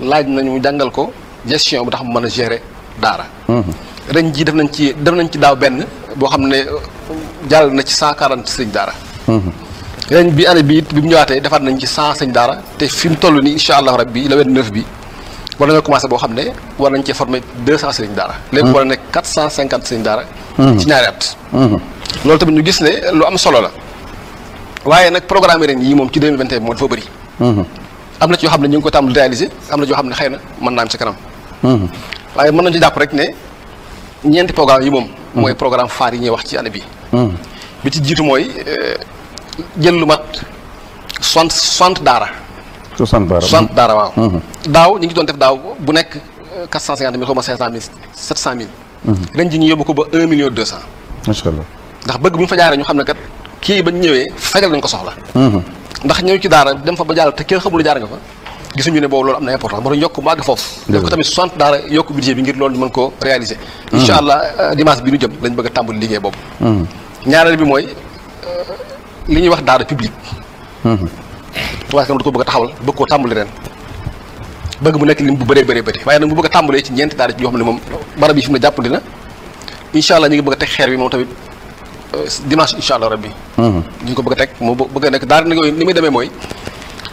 Speaker 5: laaj nañu jàngal ko gestion bu tax mu mën a gérer daara. Mhm. ren jii def nañ ci def nañ ci daaw benn boo xam ne euh, jàll na ci cent quarante sëñ daara. Mhm. ren bi année bi it bi mu ñëwaatee defaat nañ ci cent sëñ daara te fi mu toll nii incha allah rabbi la weer neuf bi war nañoo commencé boo xam ne war nañ cee former deux cent sëñ daara. lépp war na nekk quatre cent cinquante sëñ daara. ci ñaari loolu tamit ñu ne lu am solo la. waaye nag programme ren yi moom ci 2021 moom dafa bëri. Mhm. am na ci yoo xam ne ñu ngi ko tàmbali réaliser am na ci yoo xam ne xëy na man naa am ci kanam. Mhm. waaye mën nañu ci dàpp rek ne ñeenti programme yi moom. Mhm. mooy programme phare yi ñuy wax ci année bi. bi ci jiitu mooy euh, jël lu mat soixante soixante daara.
Speaker 3: soixante daara soixante
Speaker 5: waaw. daaw ñu ngi doon def daaw bu nekk quatre cent cinquante mille xaw ma cinq cent mille sept ren ji ñu yóbbu ko ba un million deux cent. macha ndax bëgg bu ñu fa jaaree ñu xam ne kat. kii ba ñëwee fajal nañ ko soxla mhm. ndax ñëw ci daara dem fa ba jaar te kenn xamul jaar nga fa gisuñu ne boobu loolu am na importance moo yokk mu àgg foofu yokk tamit soixante daara yokk budget bi ngir loolu mën koo réaliser mhm. incha allah euh, bi ñu jëm lañ bëgg a tàmbali liggéey boobu mhm. ñaareel bi mooy euh, li ñuy wax daara publique tubaab kanam da ko bëgg a taxawal bëgg koo tàmbali ren bëgg mu nekk lim bu bëree bëree bëri waaye nag mu bëgg a tàmbalee ci ñeenti moom barab yi fi mu ne xeer bi moom tamit Euh, dimanche incha allah rabbi. Mhm. ñu ko bëgg teg mu bëgg a nekk daara ni muy demee mooy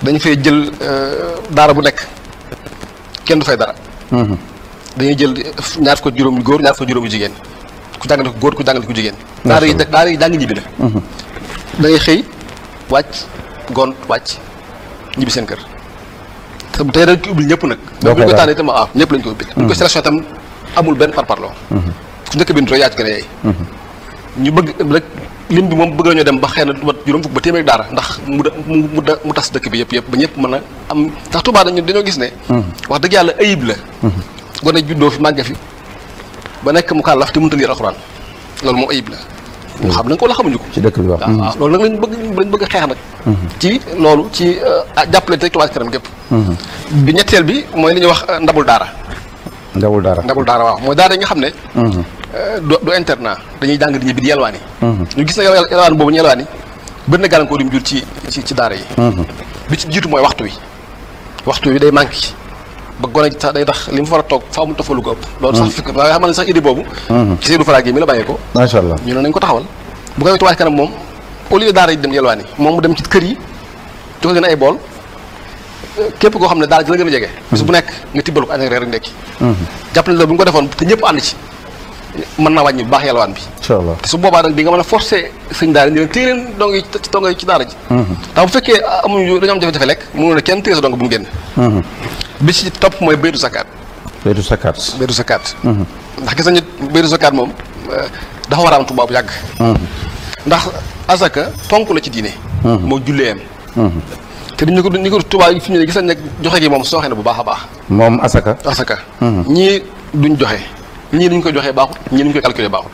Speaker 5: dañu fay jël euh, daara bu nekk kenn du fay dara. Mhm. dañuy jël ñaar ko juróom góor ñaar ko juróomi jigéen ku jàngale ko góor ku jàngale ko jigéen. daara yi daara yi jàng ñibbi la. da ngay xëy wàcc gont wàcc ñibbi seen kër. te tey dañ ko ubbil ñëpp nag. doo ko tànn itam ah ñëpp lañ ko ubbil. bu ñu ko sélection itam amul benn parparloo. Mhm. ku njëkk a bind rek yaa ci gën a ñu bëgg rek lim bi moom bëgg ñu dem ba xëy na mat juróom fukk ba téeméer dara ndax mu mu mu tas dëkk bi yëpp yëpp ba ñëpp mën a am ndax tubaab dañu dañoo gis ne. Mm-hmm. wax dëgg yàlla ayib la. Mm-hmm. gone juddoo fi màgg fi ba nekk mu kàllaaf te mënut a lire alxuraan loolu moom ayib la. ñu mm-hmm. xam nañ ko la xamuñu ko.
Speaker 1: ci dëkk bi waaw waaw ah,
Speaker 5: loolu nag lañ bëgg lañ bëgg a xeex nag. ci loolu ci euh, ah, jàppale te tubaab kanam gépp. bi ñetteel bi mooy li ñuy wax euh, ndabul daara.
Speaker 1: ndabul daara ndabul
Speaker 5: daara waaw mooy daara yi nga xam ne du eh, du internat dañuy jang nit ñi di yelwani mhm. ñu gis na yelwani bobu ñelwani yelwaani galan ko gàllankoor jur ci ci ci daara yi mhm. bi ci jitu moy waxtu wi waxtu wi day manki ba gona ci day tax lim fa tok fa mu tofalu ko do loolu sax mhm. fikk waaye xamal sax idée bobu ci Seydou Fara mi la bàyyee ko macha ñu nañ ko taxawal bu ko tuwaay kanam moom au lieu daara yi dem yelwani moom mu dem ci kër yi jox leen ay bol eh, képp ko xamne ne gëna ji la bis bu nek nga tibbalu ko ak reer ak ndekki japp na la bu ko defon te ñepp and ci mën naa wàññi bu baax yalwaan bi inshallah te su boobaa nag di nga mën a forcé sëñ daara di leen téye leen dong yi ci daara ji ndax mhm. bu fekkee amuñu dañoo am jafe-jafe lekk mënu ne kenn téye sa dong bu mu génn mhm. bi ci topp mooy baytu zakaat baytu zakaat baytu zakaat mhm. ndax gis nañu baytu zakaat moom euh, dafa war a am tubaab yàgg ndax azaka ponk la ci diine moo julleeyam te ni ñu ko ni ko tubaab yi fi ñu ne gis nañ ne joxe gi moom sooxe na bu baax a baax
Speaker 1: moom asaka
Speaker 5: asaka ñii duñ joxe ñii dañ ñu koy joxee baaxut ñii ni ñu koy calculer baaxut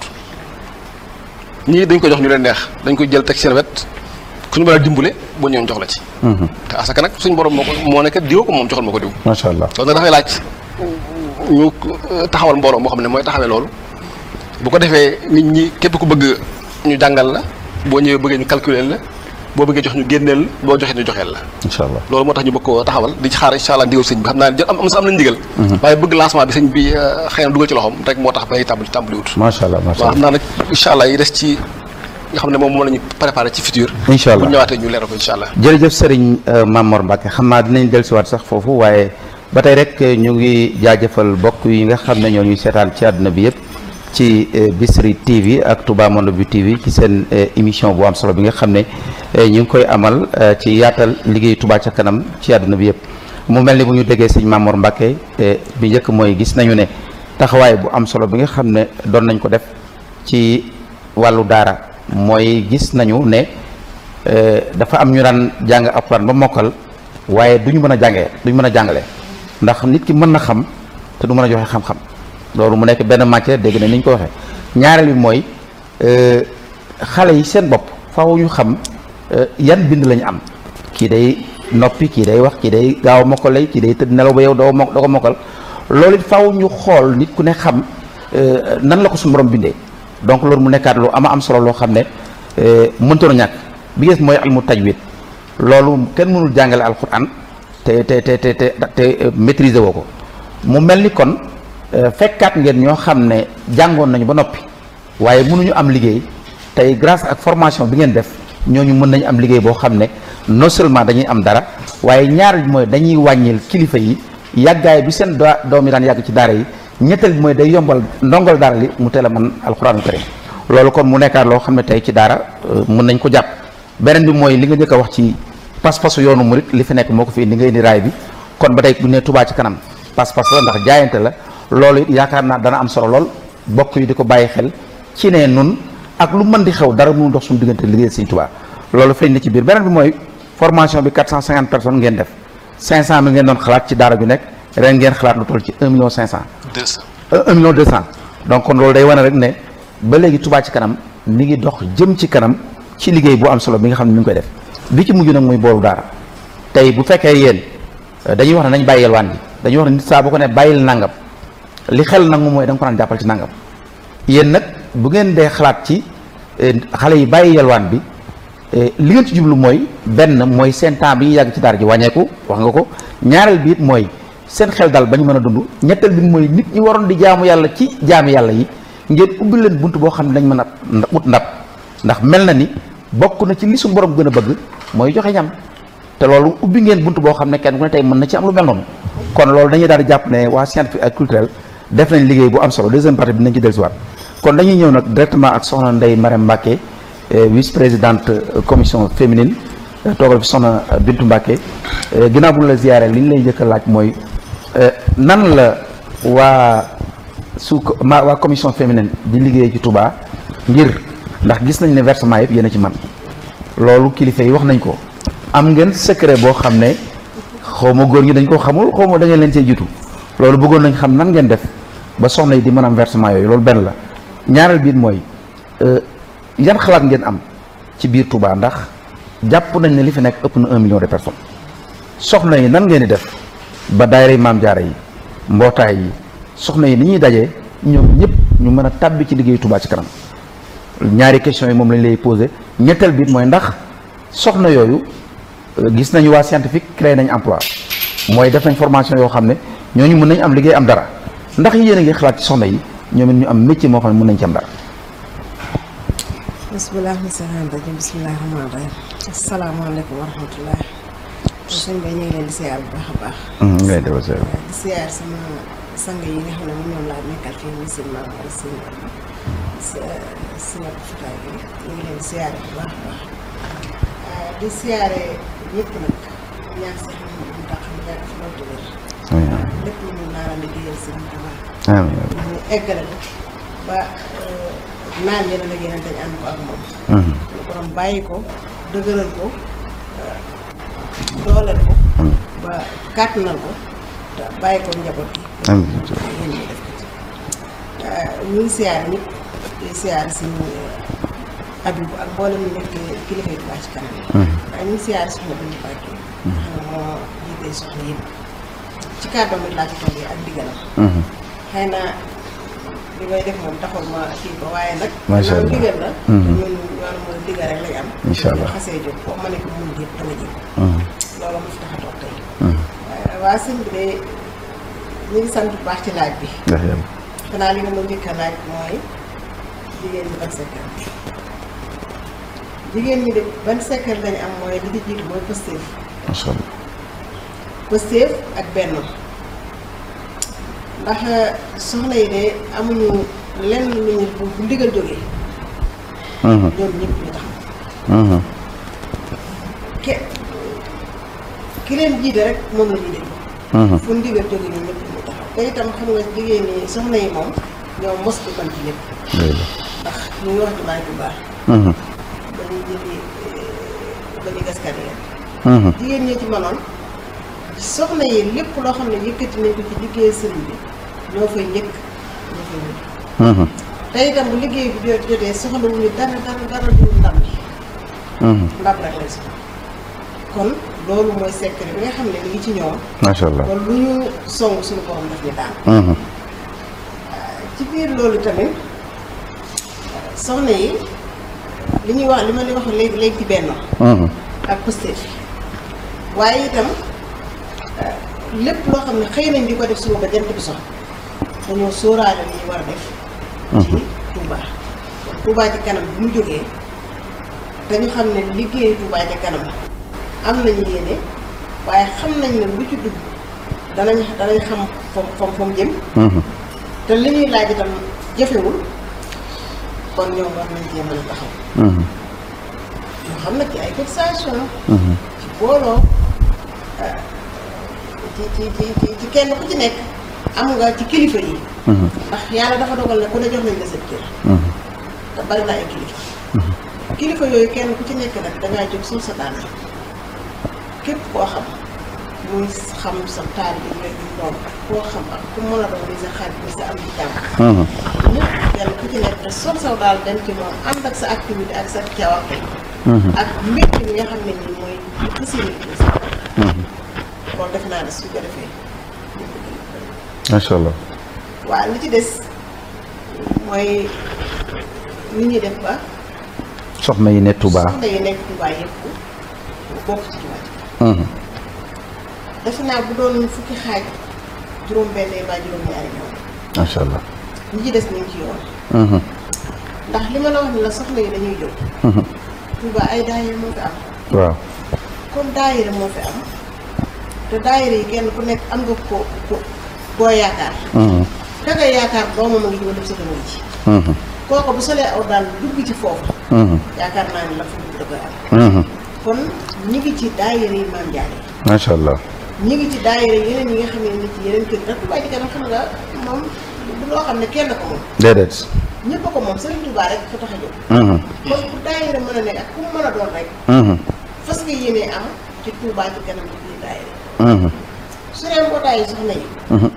Speaker 5: ñii dañ ko jox ñu leen neex dañ koy jël teg seen wet ku ñu mën a dimbale ba ñoon jox la ci mhm. te asaka nag suñ borom moo ko moo nekk diw ko moom joxal ma ko diw macha allah loolu nag dafay laaj ñu taxawal mbooloo moo xam ne mooy taxawee loolu bu ko defee nit ñi képp ku bëgg ñu jàngal la boo ñëwee bëggee ñu calculer la boo bëggee jox ñu génneel boo joxe ñu joxeel la incha allah loolu moo tax ñu bëgg ko taxawal di ci xaar incha allah ndigal sëñ bi xam naa jël am am nañ ndigal mhm. waaye bëgg lancement bi sëñ bi euh, xëy na dugal ci loxoom rek moo tax bay tàmbali tàmbali wut
Speaker 1: macha allah
Speaker 5: nag incha allah yi des ci nga xam ne moom moom la ñu préparé ci futur incha allah bu ñëwaatee ñu leeral ko incha allah
Speaker 1: jërëjëf sëriñ euh, Mamor Mbacke xam naa dinañ dellusiwaat sax foofu waaye ba tey rek ñu ngi jaajëfal bokk yi nga xam ne ñoo ñu seetaan ci àdduna bi yëpp ci eh, Bichri TV ak Touba Monde bi TV ci seen eh, émission bu am solo bi nga xam ne eh, ñu ngi koy amal ci yaatal liggéey Touba ca kanam ci àdduna bi yëpp mu mel ni bu ñu déggee sëñ Mamour Mbacke bi njëkk mooy gis nañu ne taxawaay bu am solo bi nga xam ne doon nañ ko def ci wàllu daara mooy gis nañu ne dafa am ñu daan jàng alxuraan ba mokkal waaye du ñu mën a jànge du ñu mën a jàngale ndax nit ki mën na xam te du mën a joxe xam-xam loolu mu nekk benn matière dégg na ni ñu ko waxee ñaareel bi mooy euh, xale yi seen bopp faw ñu xam euh, yan bind lañu am kii day noppi kii day wax kii day gaaw a mokkal lay kii day tëdd nelaw ba yow doo mo doo ko mokkal loolu it ñu xool nit ku ne xam euh, nan la ko suñu borom bindee donc loolu mu nekkaat lu ama am solo loo xam ne mëntoon a ñàkk bi gis mooy taj wit loolu kenn mënul jàngale alquran te te te te te maîtriser woo ko mu mel ni kon Euh, fekkaat ngeen ñoo xam ne jàngoon nañu ba noppi waaye mënuñu am liggéey tey grâce ak formation bi ngeen def ñoo ñu mën nañu am liggéey boo xam ne non seulement dañuy am dara waaye ñaar bi mooy dañuy wàññil kilifa yi yàggaay bi seen doom yi daan yàgg ci daara yi ñetteel bi mooy day yombal ndongol daara li mu teel mën alxuraanu karim loolu kon mu nekkaat loo xam ne tey ci daara euh, mën nañ ko jàpp beneen bi mooy li nga njëkk wax ci pas-pasu yoonu murit li fi nekk moo ko fi indi nga indi bi kon ba ci kanam loolu it yaakaar naa dana am solo lool bokk yi di ko bàyyi xel ci ne nun ak lu man di xew dara mënu dox suñu diggante liggéey Sëñ Tuubaa loolu feeñ na ci biir beneen bi mooy formation bi 450 personnes ngeen def 500 mille ngeen doon xalaat ci daara ju nekk ren xalaat lu toll ci 1 million 500. 200 1 million 200. donc kon loolu day wane rek ne ba léegi Tuubaa ci kanam mi ngi dox jëm ci kanam ci liggéey boo am solo bi nga xam ne mi ngi koy def bi ci mujj nag muy booru daara tey bu fekkee yéen euh, dañuy wax ne nañ bàyyil waan bi dañuy wax ne nit saa bu ko ne bàyyil nangam. li xel nangu mooy dang ko nan jappal ci nangam yéen nak bu ngeen de xalat ci eh, xale yi baye yelwan bi eh, li ngeen ci jublu moy ben moy sen temps bi yag ci dar ji wàññeeku wax nga ko ñaaral bi moy sen xel dal bañu ñu dundu ñettal bi moy nit ñi waron di jaamu yalla ci jaamu yalla yi ngeen ubbi leen buntu bo xam ne dañ ut ndap ndax melna na ni bokku na ci li suñu borom gëna bëgg moy joxe ñam té loolu ubbi ngeen buntu bo xam kenn ku ne tay ci am lu mel non kon loolu dañuy dal japp ne wa scientifique et culturel def nañ liggéey bu am solo deuxième partie bi nañ ci dellusiwaat kon dañuy ñëw nag directement ak soxna Ndeye Marème Mbacke eh, vice présidente euh, commission féminine euh, toogal fi soxna Bintu Mbacke eh, ginnaaw bu ñu la ziyaaree li ñu lay njëkk laaj mooy eh, nan la waa su ma waa commission féminine di liggéey ci tubaa ngir ndax gis nañ ne versement yëpp yéen a ci man loolu kilifa yi wax nañ ko am ngeen secret boo xam ne xaw ma góor ñi dañ koo xamul xaw ma da ngeen leen see jiitu loolu bëggoon nañ xam nan ngeen def. ba soxna yi di mën am versement yooyu loolu benn la ñaareel biir mooy euh, yan xalaat ngeen am ci biir tubaa ndax jàpp nañ ne li fi nekk ëpp na un million de personnes soxna yi nan ngeen di def ba daayira maam jaara yi mbootaay yi soxna yi ni ñuy dajee ñoom ñëpp ñu mën a tàbbi ci liggéeyu tubaa ci kanam ñaari question yi moom lañ lay posé ñetteel biir mooy ndax soxna yooyu euh, gis nañu waa scientifique créé nañu emploi mooy def nañ formation yoo xam ne ñooñu mën nañ am liggéey am dara ndax yéen a ngi xalaat ci soxna yi ñoom ñu am métier mo xamne ne mën nañ ci am dara
Speaker 6: bismillah rahmaan jëm bismillah rahmaan rahim alaykum wa rahmatullah sëñ ba ñu ngi leen di siyaar bu baax baax
Speaker 3: hmm ngay def siyaar
Speaker 6: di siyaar sama sang yi nga xamne ne moom ñoom laa nekkal fii muy sëñ maam ak sëñ sëñ Abdou yi bi ñu ngi leen di siyaare bu baax baax eh, di siyaare ñepp nak ñaan sax ñu mu tax
Speaker 3: mu yàgg fi loolu
Speaker 6: lépp lu ñu naan liggéeyal Sëriñ Tuubaa. amiin amiin ñu ba euh, naan yeneen ak yeneen dañu ànd ko ak moom.
Speaker 3: Mhm.
Speaker 6: bàyyi ko dëgëral ko euh, dooleel ko. ba kàttanal ko bàyyi ko njaboot gi. amiin euh, ñu nit di siyaare Abibu ak mboolem ñu nekk kilifa yi ci kanam. Mhm. waaye ñu ngi siyaare suñu Abibu mhm. moo jiite soxna yëpp. ci kàddoom it laaj ci toll ak ndigalam. Mhm. xëy na li may def moom taxul ma kii ko waaye nag. macha allah ndigal la. ñun mhm. loolu mooy ndigal lañ am. incha allah jóg foofu ma ne ko mun jëpp dama jëpp. loolu moo fi tax a toog tey. Mhm. de ñu sant bu baax ci laaj bi. ndax yàlla xanaa li nga ma njëkk a laaj mooy jigéen ñi ban secret jigéen ñi de ban secret lañ am mooy li ci jiitu mooy positif. macha Pastef ak benn ndax euh, soxna yi de amuñu lenn lu ñu bu ndigal jógee. ñoom ñëpp ñu
Speaker 3: taxaw.
Speaker 6: ke ki leen jiite rek moom la ñu déglu. fu ndigal jógee ñoom ñëpp ñu taxaw te itam xam nga jigéen ñi soxna yi moom ñoom mos di ban ci lépp. ndax ñu wax ci bu baax.
Speaker 3: ba ñu euh,
Speaker 6: jigéen ñi ci mënoon. soxna yi lépp loo xam ne yëkkati nañ ci liggéey sëriñ bi ñoo fay njëkk ñoo
Speaker 3: fay mm-hmm.
Speaker 6: itam bu liggéey bi jotee soxla wu ñu dara dara dara du ndam li mm-hmm. ndam rek lañ soxla bi nga xam ne li ngi ci ñoom macha allah kon lu ñu song suñu borom daf ñu daan mm-hmm. ci biir loolu tamit soxna yi li ñuy wax li ma li wax léegi léegi ci benn ak posté waaye itam lépp loo xam ne xëy nañ di ko def suba ba jant bi soxla dañoo sóoraale li ñu war a def. Mhm. ci Touba. Touba ci kanam bu mu jógee dañu xam ne liggéey Touba ci kanam am nañu yéene waaye xam nañ ne lu ci dugg danañ danañ xam fom fom jëm. Mhm. te li ñuy laaj itam jëfewul kon ñoom war nañ cee mën a taxaw. Mhm. ñoo xam na ci ay fixation. ci booloo. ci ci ci ci kenn ku ci nekk am nga ci kilifa yi. Mhm. ndax yàlla dafa dogal ne ku ne jox nañ la sa cër. Mhm. te bari ay kilifa. Mhm. kilifa yooyu kenn ku ci nekk nag da jóg suuf sa daanaka képp koo xam muy xam sa taal bi muy ak ku sa am di jàmm. ñëpp kenn ku ci nekk te sol saw daal dem ci moom ànd ak sa activité ak sa caawarte.
Speaker 3: ak mbégte mi nga ne nii mooy xasee nit ñi loolu def
Speaker 6: naa ne su allah. waaw li ci des mooy ni ñuy def ba.
Speaker 3: soxna yi nekk Touba soxna
Speaker 6: yi nekk Touba yëpp bokk ci Touba. Mhm. defe naa bu doon fukki xaaj juróom-benn yi mbaa juróom-ñaari ñoom. macha allah. ñi ci des ñu ci yoon. Mhm. ndax li ma la wax ne la soxna yi dañuy jóg. Mhm. Touba ay daayira moo fi am. waaw. comme daayira moo fi am. te daayira yi kenn ku nekk am nga ko ko yaakaar mhm. ka nga yaakaar doomam a ngi ci wala sa dama ngi ci mhm. kooku bu solee aw daal dugg ci foofu mhm. yaakaar naa ne la fa dugg da koy am kon ñi ngi ci daayira yi maam jaare macha allah ñi ngi ci daayira yeneen yi nga xam ne nit ci yeneen kër rek Touba ci kanam xam nga moom du loo xam ne kenn ko moom déedéet ñëpp ko moom Serigne Touba rek ko tax a jóg kon bu mën a nekk ak ku mu a doon rek fas su dee mbootaayu soxna yi. Mhm.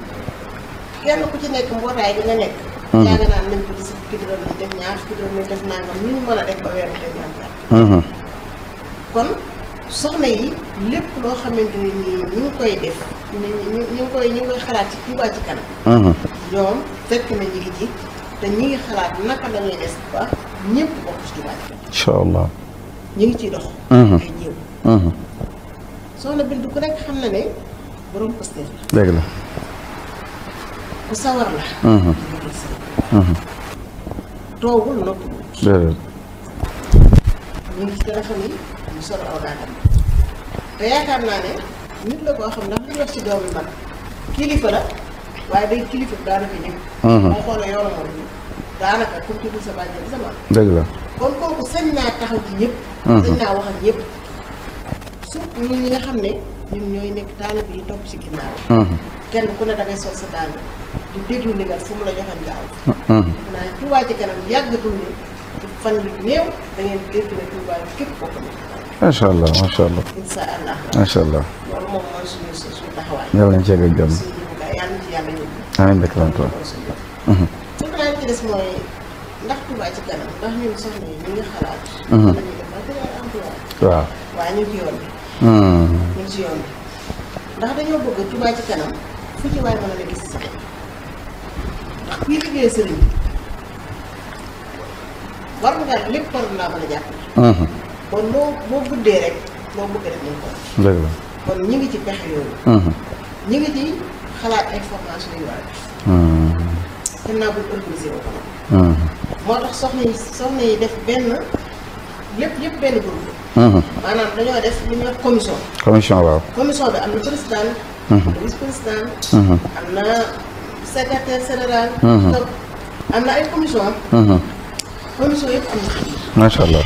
Speaker 6: kenn ku ci nekk mbootaay bi nga nekk. Mhm. yaa nga naan nañ ko ci fukki dërëm def ñaar fukki dërëm di def nangam ñu mën a def ba weeru te mhm. lépp loo xamante ni koy def ñu ñu koy xalaat ci Touba ci kanam. ñoom fekk na ñu ngi te ñu ngi xalaat naka la ñuy des ba ñëpp bokk ci Touba
Speaker 3: ci kanam. ñu ngi ciy dox. ay jéego.
Speaker 6: soxna Bintu ku nekk xam na ne borom Pastef la. dëgg la. ku sawar la. toogul noppi. dëgg ñu ngi ci téléphone yi mu solo aw daagam te yaakaar naa ne nit la koo xam ndax li ñu wax ci doomu mbag kilifa la waaye day kilifa daanaka ñëpp. boo xoolee yoonu moom bi daanaka comme ci sa bàjjen sa maam. dëgg la kon kooku sañ naa taxaw ci ñëpp. sañ naa wax ak ñëpp. surtout ñun ñi nga xam ne ñun ñooy nekk taalib yi topp ci ginnaaw. kenn ku ne da sol sa daal di déglu ndigal fu mu la joxoon
Speaker 3: nga
Speaker 6: am. nekk. macha
Speaker 3: waaw ñu
Speaker 6: ngi si yoon bi ndax dañoo bëgg Touba ci kanam fu ci waay mën a la gis ndax kuy liggéey sëriñ bi war nga lépp war naa mën a jàpp. kon loo boo guddee rek loo bëgg rek nañ ko. dëgg la kon ñu ngi ci pexe yooyu. ñu ngi ci xalaat information yu war a def. te naa bëgg organiser wu ko. moo tax soxna yi soxna yi def benn lépp yëpp benn groupe. commission. commission waaw. commission bi am président. vice président. am secrétaire général. donc ay commission. commission yëpp am na. macha allah.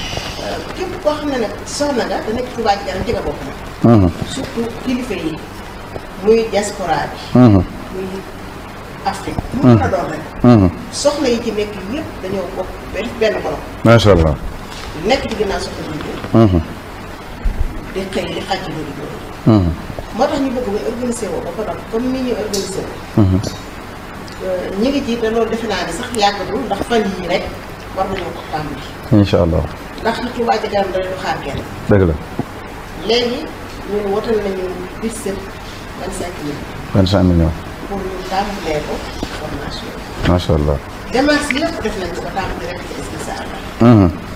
Speaker 6: képp koo xam ne soxna nga da nekk Touba Ca ci nga bokk. surtout kilifa yi muy diaspora bi. muy Afrique. mu mën doon rek. soxna yi ci nekk yëpp dañoo bokk benn benn borom. macha allah. nekk ci ginnaaw soxna
Speaker 3: si
Speaker 6: ñu di xëy di xàcc loolu loolu. moo tax ñu bëgg ba organisé woo ba pare comme ni ñu organisé woo. ñu ngi ci te loolu defe naa ne sax yàggatul ndax fan yii rek war nañoo ko tàmbali. incha allah ndax Touba Ca Kanam dana du xaar kenn. dëgg la. léegi ñun wotal nañu biir sëb vingt cinq millions.
Speaker 3: vingt cinq millions.
Speaker 6: pour ñu tàmbalee ko formation. macha allah. démarche yëpp def nañ ko ba tàmbali rek ci SDSR.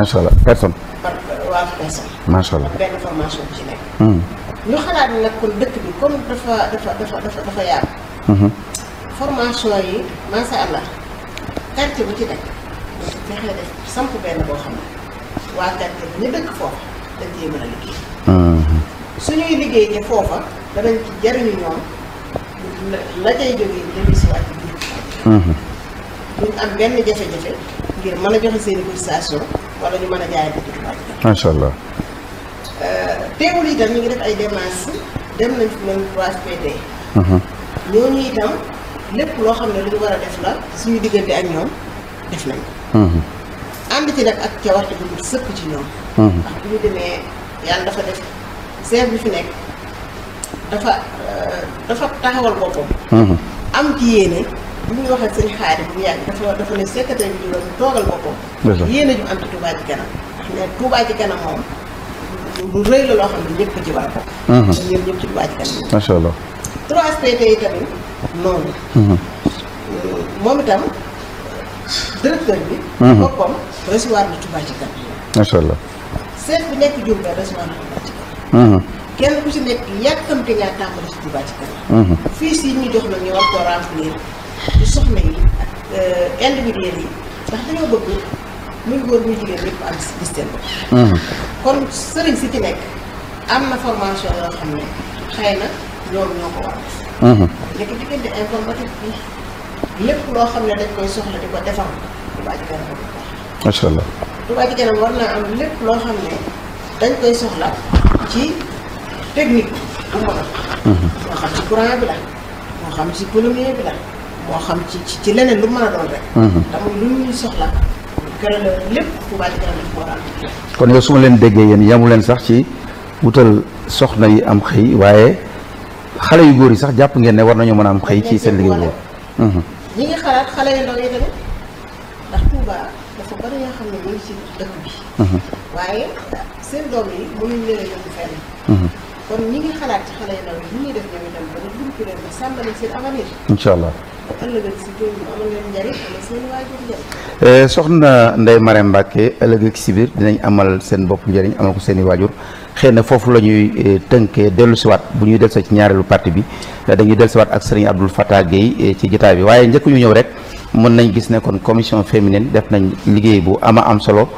Speaker 3: macha allah person par
Speaker 6: waa allah benn formation bu ci nekk. Hmm. ñu xalaat nag kon dëkk bi comme dafa dafa dafa dafa dafa yaatu. Hmm. formation yi macha allah quartier bu ci nekk fexe samp benn boo xam ne waa quartier bi ñu dëkk foofa dañ cee mën a liggéey. Hmm. suñuy liggéey ci foofa danañ ci jariñu ñoom la cay jógee jënd si waat bi. duñ am benn jafe-jafe mën a joxe seen i cotisation wala ñu mën a jaay butik macha allah euh, teewul itam ñu ngi def ay démarches dem nañ fi mel 3PT uh-huh. ñooñu itam lépp loo xam ne lu ñu war a def la suñu diggante ak ñoom def nañ
Speaker 3: uh-huh.
Speaker 6: ànd ci nag ak cawarte uh-huh. bu ñu sëkk ci ñoom ndax demee yàlla dafa def chef bi fi nekk dafa euh, dafa taxawal boppam am ci yéene bu ñu waxee sëñ xaari bu yàgg dafa dafa ne secrétaire bi juróom toogal boppam. dëgg a ju am ci Touba ci kanam. mais Touba ci kanam moom lu rëy la loo xam ne ko. Mhm. ñoom mhm. euh, mhm. nekk jur kenn ku ci nekk yàkkamte ngaa tàmbali ci Touba ci kanam. fii si ñu jox la ñu war koo remplir. ci soxna yi ak euh, individuel yi ndax dañoo bëgg muy góor muy jigéen ñëpp am gis seen bopp kon sëriñ si ci nekk am na formation yoo xam ne xëy na loolu ñoo ko war léegi diggante informatique bi lépp loo xam ne dañ koy soxla di ko defar
Speaker 3: Touba
Speaker 6: Ca Kanam war naa am lépp loo xam ne dañ koy soxla ci technique bu mën a moo xam ci courant bi la moo xam ci plombier bi la moo xam ci mhm.
Speaker 1: kon yow su leen déggee yéen yamu leen sax ci wutal soxna yi am xëy waaye xale yu góor yi sax jàpp ngeen ne war nañu mën a am xëy ci seen liggéey boobu. Mhm.
Speaker 6: ñi mhm. waaye seen doom yi mënuñ leen a yóbbu fenn. kon ñi ngi xalaat ci xale yu ndaw yi ñu ngi def ñoom itam ba ñu gën a sàmbale seen avenir. incha ëllëg
Speaker 1: eh, soxna ndey Marème Mbacke ëllëg ak si biir dinañ amal seen bopp njariñ amal ko seen i waajur xëy na foofu la ñuy eh, tënkee dellu siwaat bu ñuy dellu si ci ñaareelu parti bi eh, dañuy dellu siwaat ak sëriñ Abdoul Fattah Guèye ci jotaay bi waaye njëkk ñu ñëw rek mën nañ gis ne kon commission féminine def nañ liggéey bu ama am solo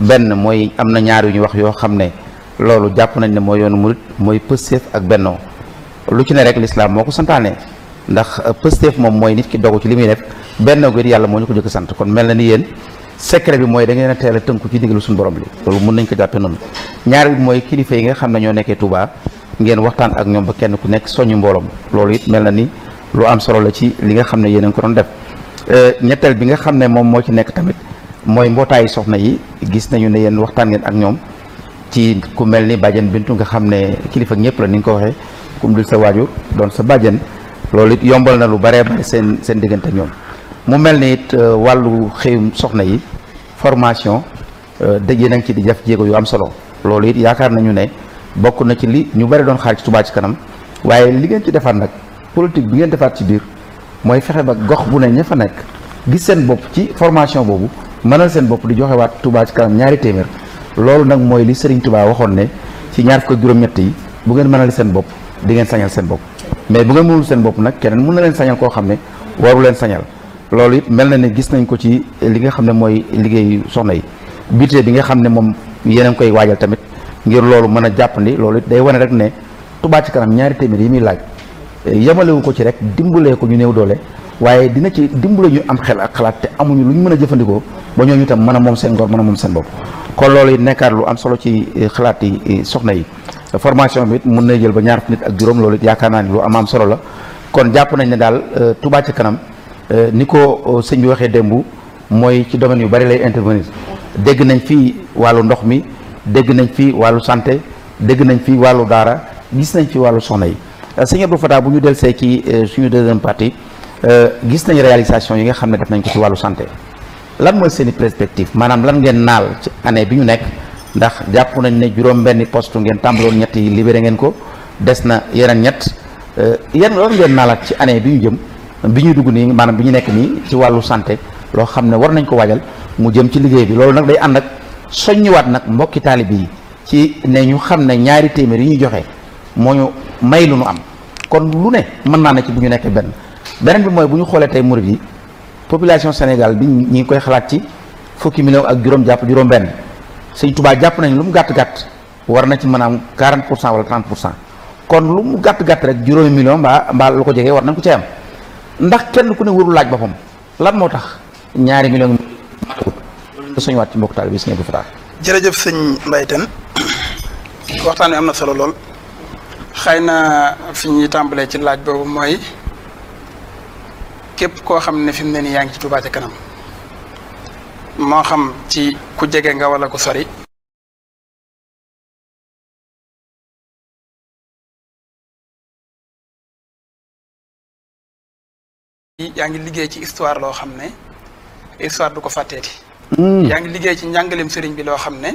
Speaker 1: benn mooy am na ñaar yu ñu wax yoo xam ne loolu jàpp nañ ne mooy yoonu murit mooy pësteef ak bennoo lu ci ne rek l'islam moo ko santaane ndax euh, Pastef moom mooy nit ki dogu ci li muy def benn gi yàlla moo ñu ko njëkk sant kon mel na ni yéen secret bi mooy da ngeen a teel a tënku ci ndigalu suñu borom li loolu mën nañ ko jàppe noonu bi mooy kilifa yi nga xam ne ñoo nekkee Touba ngeen waxtaan ak ñoom ba kenn ku nekk soññu mbooloom loolu mel na ni lu am solo la ci li nga xam ne yéen a ngi ko doon def euh, ñetteel bi nga xam ne moom moo ci nekk tamit mooy mbootaayu soxna yi gis nañu ne yéen waxtaan ngeen ak ñoom ci ku mel ni bàjjan bintu nga xam ne kilifa ñëpp la ni nga ko waxee kum dul sa waajur doon sa bàjjan lolit yombal na lu bare bare sen sen digënté ñom mu melni it euh, walu soxna yi formation euh, dëj yi nag ci di jaf jéego yu am solo lolit yaakar nañu né bokku na ci li ñu bare doon xaar ci tuba ci kanam waye li gën ci defaat nak politique bi gën defaat ci biir moy fexé ba gox bu ne ñafa gis sen bop ci formation bobu, mënal sen bop di joxewaat tuba ci kanam ñaari téeméer lolou nak moy li Serigne Touba waxon ne ci ñaar ko juroom ñett yi bu ngeen mënal sen bop di gën sañal sen bop mais bu ngeen mënul seen bopp nag keneen mën na leen sañal koo xam ne waru leen sañal loolu it mel na ne gis nañ ko ci li nga xam ne mooy liggéeyu soxna yi budget bi nga xam ne moom yeneen koy waajal tamit ngir loolu mën a jàppandi loolu it day wane rek ne Touba ci kanam ñaari téeméer yi muy laaj yemalewu ko ci rek dimbalee ko ñu néew doole waaye dina ci dimbale ñu am xel ak xalaat te amuñu lu ñu mën a jëfandikoo ba ñooñu itam mën a moom seen ngor mën a moom seen bopp kon loolu it nekkaat lu am solo ci eh, xalaat yi eh, soxna yi formation bi mun mën na jël ba ñaar nit ak juróom loolu it yaakaar naa ni lu am am solo la kon jàpp nañ ne daal eh, tubaat ci kanam ni ko oh, sëñ bi waxee démb mooy ci domaine yu bari lay intervenir dégg nañ fii wàllu ndox mi dégg nañ fii wàllu santé dégg nañ fii wàllu daara gis nañ fii wàllu soxna yi sëñ Abdou Fata bu ñu del see ci suñu deuxième partie Eh, gis nañ réalisation yi nga xam def nañ ko ci walu santé lan moy seen perspective manam lan ngeen nal ci année biñu nek ndax japp nañ ne juroom benn poste ngeen tambalon ñet yi libéré ngeen ko des na yeneen ñett eh, yan lan ngeen naalaat ci année biñu jëm biñu dugg ni manam biñu nek ni ci walu santé lo xam war nañ ko wajal mu jëm ci liggéey bi loolu nak day and ak wat nak mbokki talibi ci ne ñu xam ñaari téeméer yi ñu joxe moñu maylu nu am kon lu ne man na ne ci benn beneen bi mooy bu ñu xoolee tey murid yi population Sénégal bi ñu ngi koy xalaat ci fukki million ak juróom jàpp juróom benn sëñ Tuubaa jàpp nañ lu mu gàtt gàtt war na ci maanaam 40 pour cent wala 30 pour cent kon lu mu gàtt rek juróomi million mbaa mbaa lu ko jegee war nañ ko ci am ndax kenn ku ne warul laaj boppam lan moo tax ñaari million matagul loolu ñu soñwaat ci mbokk taal bi sëñ Abdou Fatah
Speaker 2: jërëjëf sëñ Mbaye Tène waxtaan wi am na solo lool xëy na fi ñuy tàmbalee ci laaj boobu mooy képp koo xam ne fi
Speaker 3: mu ne nii yaa ngi ci Touba kanam moo xam ci ku jege nga wala ko sori. yaa ngi liggéey ci histoire loo xam ne histoire du ko fàtteeti hmm. yaa ngi liggéey ci njàngaleem sëriñ bi loo xam
Speaker 2: ne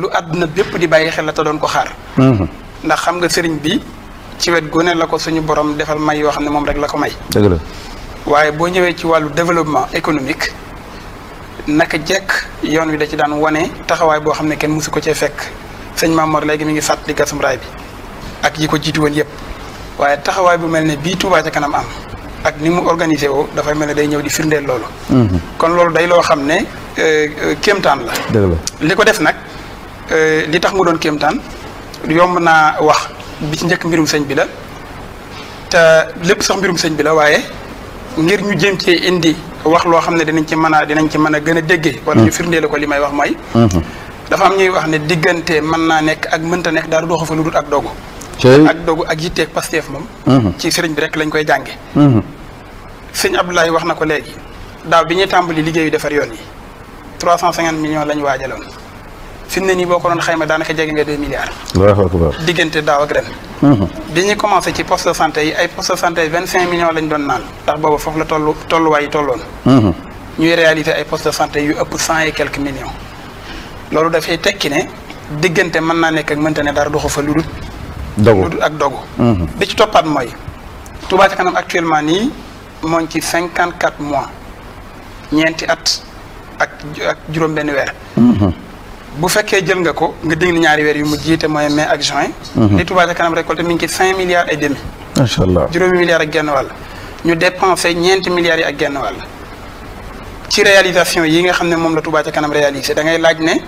Speaker 2: lu àdduna bépp di bàyyi xel la te doon ko xaar hmm. ndax xam nga sëriñ bi ci wet gu ne la ko suñu borom defal may yoo xam ne moom rek la ko may dëgg waaye boo ñëwee ci wàllu développement économique naka jekk yoon wi da ci daan wane taxawaay boo xam ne kenn mësu ko cee fekk sëñ Mamor léegi mi ngi fàttali gasum raay bi ak yi ko jiitu woon yëpp waaye taxawaay bu mel ne bii Touba ca kanam am ak ni mu organisé woo dafay mel ne day ñëw di firndeel loolu. Mm-hmm. kon loolu day loo xam ne euh, euh, kéemtaan la. li ko def nag euh, li tax mu doon kéemtaan yomb naa wax bi ci njëkk mbirum sëñ bi la te lépp sax mbirum sëñ bi la waaye. ngir ñu jëm ci indi wax loo xam ne dinañ ci mën a dinañ ci mën a gën a déggee. wala ñu mm. firndeele ko li may wax mooy. Mm-hmm. dafa am ñuy wax ne diggante mën naa nekk ak mënta nekk daal doxu fa lu dul ak dogu. ak dogu ak yitteeg Pastef moom. Mm-hmm. ci sëriñ bi rek lañ koy jànge mm-hmm. sëñ Abdoulaye wax na ko léegi daaw bi ñuy tàmbali liggéeyu defar yoon yi 350 millions la ñu waajaloon. fi mu ne nii boo ko doon xayma daanaka jege nga deux milliards. diggante daaw ak ren. Mhm. bi ñu commencé ci poste de santé yi ay poste de santé vingt cinq millions lañ doon naan ndax boobu foofu la tollu tolluwaay tolloon. Mhm. ñuy réaliser ay poste de santé yu ëpp cent et quelques millions. loolu dafay tekki ne diggante mën naa nekk ak mënta ne dara doxu fa lu dul. dogu lu ak dogu. Mhm. bi ci toppaat mooy. Touba ca kanam actuellement nii moo ngi ci cinquante quatre mois ñeenti at ak ak juróom bu fekkee jël nga ko nga digg ñaari weer yu mu jiite mooy mais ak juin. Mhm. li Touba ca kanam récolté mi ngi ci cinq milliards et demi. macha allah milliards ak genn wàll. ñu dépensé ñeenti milliards yi ak genn wàll. ci réalisation yi nga xam ne moom la Touba ca kanam réalisé da ngay laaj ne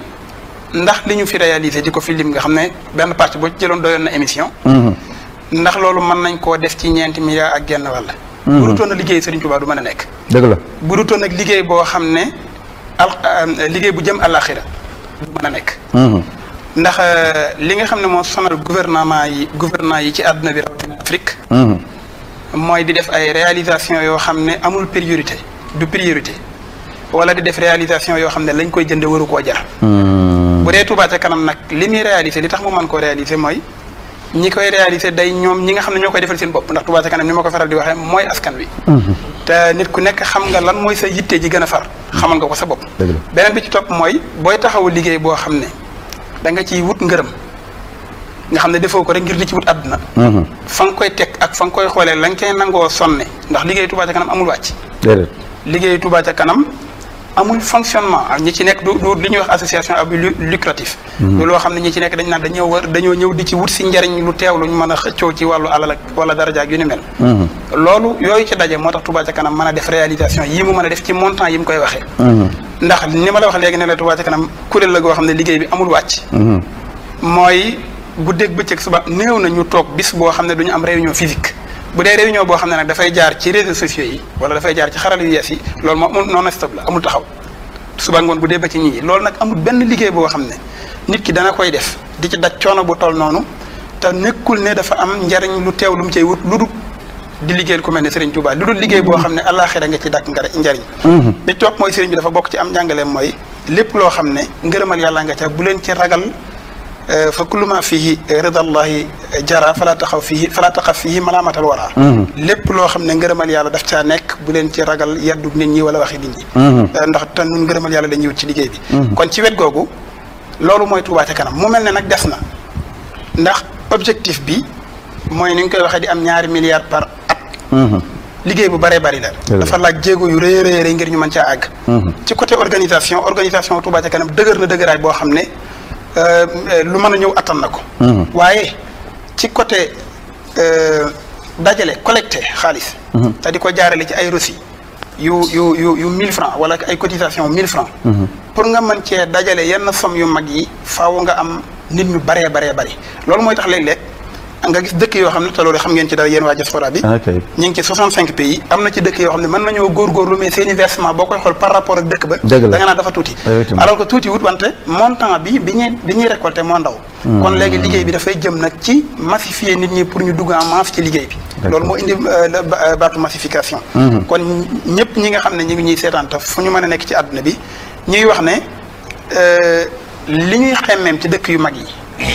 Speaker 2: ndax li ñu fi réalisé di ko fi lim nga xam ne benn partie boo ci jëloon doyoon na émission. Mhm. ndax loolu mën nañ koo def ci ñeenti milliards ak genn wàll. Mhm. bu dutoon liggéey Serigne Touba du mën a nekk. dëgg la bu dutoon nag liggéey boo xam ne al euh, liggéey bu jëm àllaaxira du mën a nekk. Mhm. ndax euh, li nga xam ne moo sonal gouvernement yi gouvernement yi ci àdduna bi rawatina Afrique. Mhm. mooy di def ay réalisation yoo xam ne amul priorité du priorité wala di def réalisation yoo xam ne lañ koy jënd waru koo jar.
Speaker 3: Mhm. bu dee
Speaker 2: Touba ca kanam nag li muy réalisé li tax mu man koo réalisé mooy. ñi koy réalisé day ñoom ñi nga xam ne ñoo koy defal seen bopp ndax Touba ca kanam ni ma ko faral di waxee mooy askan wi. Mhm. te nit ku nekk xam nga lan mooy sa yitte ji gën a far. xamal nga ko sa bopp. beneen bi ci topp mooy booy taxawu liggéey boo xam ne danga nga ciy wut ngërëm nga xam ne defoo ko rek ngir di ci wut àdduna. Mhm. fa nga koy teg ak fa nga koy xoolee la nga koy nangoo sonne ndax liggéey Touba ca kanam amul wàcc. déedéet liggéey Touba ca kanam. amul fonctionnement ñi ci nekk du du li ñuy wax association à but lucratif. du mhm. loo xam ne ñi ci nekk dañ naan dañoo war dañoo ñëw di ci wut si njariñ lu teew luñ mën a xëccoo ci wàllu alal ak wala daraja ak yu ni mel. Mhm. loolu yooyu ci daje moo tax Touba ca kanam mën a def réalisation yi mu mën a def ci montant yi mu koy waxee. Mhm. ndax ni ma la wax léegi ne la Touba ca kanam kuréel la goo xam ne liggéey bi amul wàcc. mooy guddeeg bëccëg suba néew na ñu toog bis boo xam ne du am réunion physique. bu dee réunion boo xam ne nag dafay jaar ci réseaux sociaux yi wala dafay jaar ci xaral yu yees yi lool moo non stop la amul taxaw suba ngoon bu dee ba ci nit ñi loolu nag amul benn liggéey boo xam ne nit ki dana koy def di ci daj coono bu toll noonu te nekkul ne dafa am njariñ lu teew lu mu cay wut lu dul di liggéeyal ku mel ne Serigne Touba lu dul liggéey boo xam ne àllaaxira nga ci dàkk nga njariñ mhm. bi topp mooy Serigne bi dafa bokk ci am njàngaleem mooy lépp loo xam ne ngërëmal yàlla nga ca bu leen ci ragal آه، فكل ما فيه رضا الله جرى فلا تخف فيه فلا تخف فيه ملامه الورى لب لو خمن غرمال يالا دا فتا نيك بولين تي راغال يادو نيت ني ولا واخي نيت ني ندخ تان غرمال يالا دا تي ليغي بي كون تي ويت غوغو لولو موي توبا تي مو ملني نك دفنا ندخ اوبجيكتيف بي موي نين كاي واخا دي ام 2 مليار بار ات ليغي بو باري باري لا دا فا لاج جيغو يو ري ري ري غير ني مان تي اغ تي كوتي اورغانيزاسيون اورغانيزاسيون توبا تي دغور نا دغراي بو خمنه Euh, lu mën a ñëw attan na ko. Hmm. waaye ci côté euh, dajale collecté xaalis. Hmm. te di ko jaarale ci ay reçu yu yu yu yu mille francs wala ay cotisation mille francs hmm. pour nga mën cee dajale yenn somme yu mag yi faaw nga am nit ñu baree baree bari loolu mooy tax léeg-léeg. nga gis dëkk yoo xam ne te loolu xam ngeen ci dara yéen waa diaspora ah, ñu ngi ci 65 pays am na ci dëkk yoo xam ne mën nañoo góorgóorlu mais seen i versement boo koy xool par rapport ak dëkk ba da nga naan dafa tuuti alors que tuuti wut wante montant bi bi ñuy bi ñuy récolté moo ndaw hmm. kon léegi liggéey bi dafay jëm nag ci massifier nit ñi pour ñu dugg en masse ci liggéey bi loolu moo indi euh, euh, baatu massification hmm. kon ñëpp ñi nga xam ne ñu ngi ñuy seetaan taf fu ñu mën a nekk ci àdduna bi ñuy wax ne euh, li ñuy xemmeem ci dëkk yu mag yi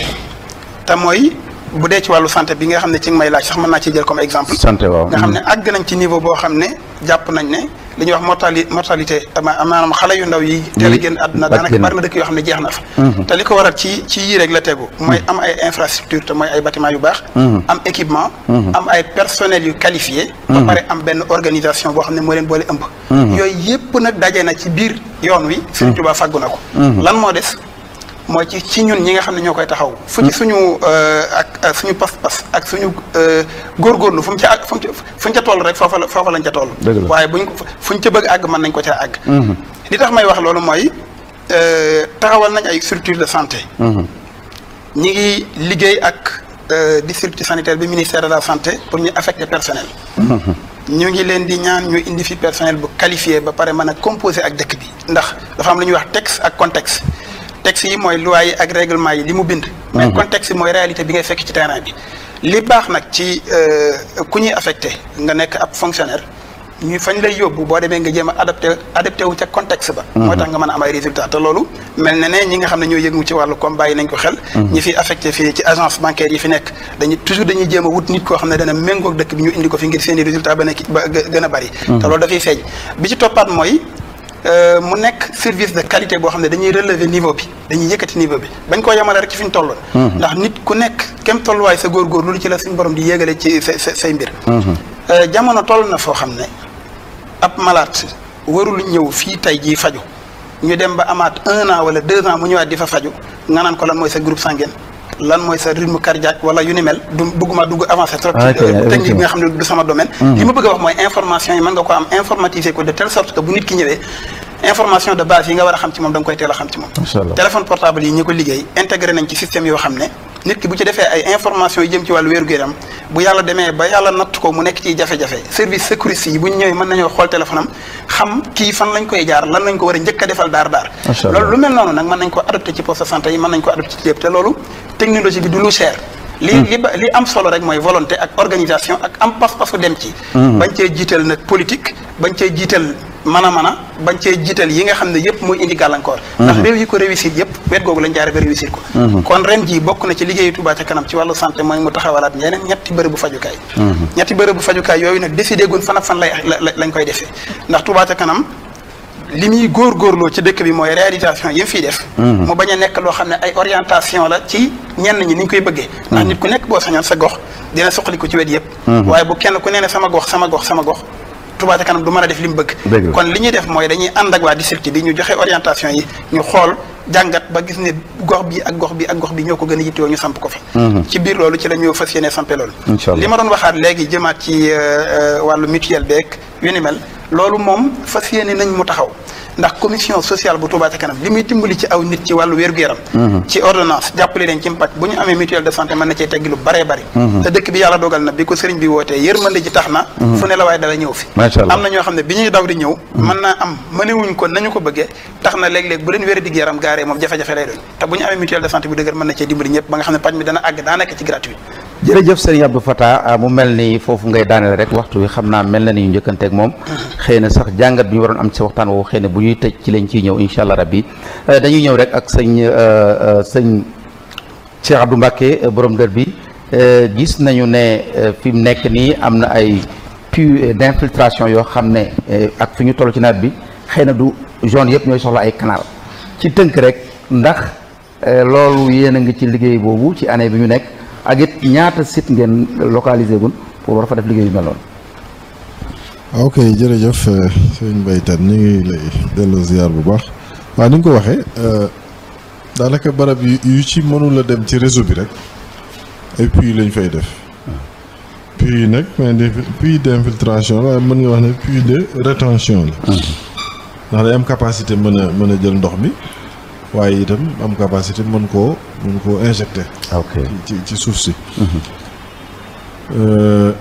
Speaker 2: te mooy bu dee ci wàllu santé bi nga xam ne ci nga may laaj sax mën naa ci jël comme exemple. nga xam ne mm. àgg nañ ci niveau boo xam ne jàpp nañ ne li ñuy wax mortali mortalité am xale yu ndaw yi. teel a génn àdduna daanaka bari na dëkk yoo xam ne jeex na fa. Mm-hmm. te li ko waral ci ci yii rek la tegu. mooy mm-hmm. am ay infrastructure te mooy ay batiment yu baax. Mm-hmm. am équipement. am ay personnel yu qualifié. ba pare am benn organisation boo xam ne mooy leen boole ëmb. yooyu yëpp nag dajee na ci biir yoon wi. Sëriñ Tuubaa fàggu na ko. lan moo des. moy ci ci ñun ñi nga xam ñokoy taxaw. fu ci hmm. suñu euh, ak suñu pass pass ak suñu euh, gor gor lu fu ci ak fu mu ca toll rek foofa la foofa lañ ca toll. waye buñ ko fuñ ca bëgg ag man nañ ko caa àgg. Hmm. li tax may wax loolu mooy euh, taxawal nañ ay structures de santé. Hmm. ñi ngi liggéey ak district sanitaire bi ministère de la santé pour ñu affecter personnel. ñu ngi leen di ñaan ñu indi fi personnel bu qualifié ba pare mën a composé ak dëkk bi ndax dafa am lu ñuy wax texte ak contexte. texte yi mooy luwaaye yi ak règlement yi li mu bind. mais mhm. contexte mooy réalité bi ngay fekk ci terrain bi. li baax nag ci euh, ku ñuy affecté nga nekk ab fonctionnaire ñuy fañ lay yóbbu boo demee nga jéem a adapté adapté wu ca contexte ba. Mhm. moo tax nga mën a am ay résultats te loolu mel na ne ñi nga xam ne ñoo yëngu ci wàllu comme bàyyi nañ ko xel. Mhm. ñi fi affecté fii ci agence bancaire yi fi nekk dañuy toujours dañuy jéem a wut nit koo xam ne dana méngoog dëkk bi ñu indi fi ngir seen i résultats ba nekk ba gën a bari. te loolu bi ci toppaat mooy. Euh, mu nekk service de qualité boo xam ne dañuy relever niveau bi dañuy yëkkati niveau bi bañ koo yemale rek ci fi ñu tolloon ndax nit ku nekk kem tolluwaay sa góorgóor lu ci la suñu borom di yéegale ci sa say mbir
Speaker 3: euh,
Speaker 2: jamono toll na foo xam ne ab malaat warul ñëw fii tey jii faju ñu dem ba amaat un an wala deux ans mu ñëwaat di fa faju nga naan ko lan mooy sa groupe sanguin lan mooy sa rythme cardiaque wala yu ni mel du bëgguma dugg avancé trop ah, technique bi nga xam ne du sama domaine hmm. li ma bëgg a wax mooy information yi mën nga ko am informatiser ko de telle sorte bu nit ki ñëwee information de base yi nga wara a xam ci moom da nga koy teel xam ci moom téléphone portable yi ñi ko liggéey intégré nañ ci système yoo xam ne nit ki bu ci defee ay information yu jëm ci wàllu wér-gu-yaram bu yàlla demee ba yàlla natt ko mu nekk ciy jafe-jafe service sécurité yi bu ñu ñëwee mën nañoo xool téléphone am xam kii fan lañ koy jaar lan lañ ko war a njëkk a defal daar daar loolu lu mel noonu nag mën nañ ko adopté ci poste santé yi mën nañ ko adopté ci lépp loolu technologie bi du lu li hmm. li li am solo rek mooy volonté ak organisation ak am pas-pasu dem ci hmm. bañ cee jiital nag politique bañ cee jiital mën a mën a bañ cee jiital yi nga xam ne yëpp mooy indi gàllankoor ndax mhm. réew yi ko réussir yëpp wet googu lañ jaare ba réussir ko mhm. kon ren jii bokk na ci liggéeyu Touba ca kanam ci wàllu santé mooy mu taxawalaat yeneen ñetti bërëbu fajukaay mhm. ñetti bërëbu fajukaay yooyu nag décidé gun fan ak fan lay lañ koy defee ndax Touba ca kanam li muy góorgóorloo ci dëkk bi mooy réalisation yi mu fiy def mu bañ a nekk loo xam ne ay orientation la ci ñenn ñi ni ñu koy bëggee ndax nit ku nekk boo sañoon sa gox dina soqali ko ci wet waaye bu kenn ku nee ne sama gox sama gox sama gox Touba ca kanam du mën a def li mu bëgg kon li ñuy def mooy dañuy ànd ak waa district bi ñu joxe orientation yi ñu xool jàngat ba gis ne gox bi ak gox bi ak gox bi ñoo ko gën a yittewoo ñu samp ko fi mhm. ci biir loolu ci la ñu fas yéene sampe loolu li ma doon waxaat léegi jëmaat ci euh, euh, wàllu mutuel beeg yu ni mel loolu moom fas yéene nañ mu taxaw ndax commission sociale bu Touba ca kanam li muy dimbali ci aw nit ci wàllu wér-gu-yaram mhm. ci ordonnance jàppale leen ci mpac bu ñu amee mutuelle de santé mën na cee teggi lu bare bare mhm. te dëkk bi yàlla dogal na bi ko sëriñ bi wootee yërmande ji tax na mhm. fu ne la waaye dala ñëw fi am na ñoo xam ne bi ñuy daw di ñëw mën naa am mënewuñ ko nañu ko bëggee tax na léeg-léeg bu leen wér dig yaram gaaree moom jafe-jafe lay doon te bu ñu amee mutuelle de santé
Speaker 1: jërëjëf sëriñ Abdou Fata ah, mu mel ni foofu ngay daaneel rek waxtu wi xam naa mel na ni ñu njëkkanteeg moom xëy na sax jàngat bi ñu waroon am ci waxtaan woowu xëy na bu ñuy tëj ci lañ ciy ñëw incha allah rabbi eh, dañuy ñëw rek ak sëñ eh, eh, sëñ Cheikh Abdou Mbacké borom dër bi gis nañu ne fi mu nekk nii am na ay puits d'infiltration yoo xam ne ak fi ñu toll ci naat bi xëy na du zone yëpp ñooy soxla ay canal ci tënk rek ndax loolu yéen a ngi ci liggéey boobu ci année bi ñu nekk. ak ñaata sit ngeen localisé bu pour war fa def liggéey yu mel
Speaker 4: ok jërëjëf euh, sëñ Mbaye Kane ñu ngi lay delloo ziar bu baax waaw ni nga ko waxee euh, daanaka barab yu ci mënul dem ci réseau bi rek ay puits lañ fay def puits yi nag mais puits d'infiltration la waaye mën nga wax ne puits de rétention la ah. ndax day am capacité mën a mën a jël ndox bi waye itam am capacité mën ko mën ko injecté. ok ci ci suuf si. Mhm. Euh,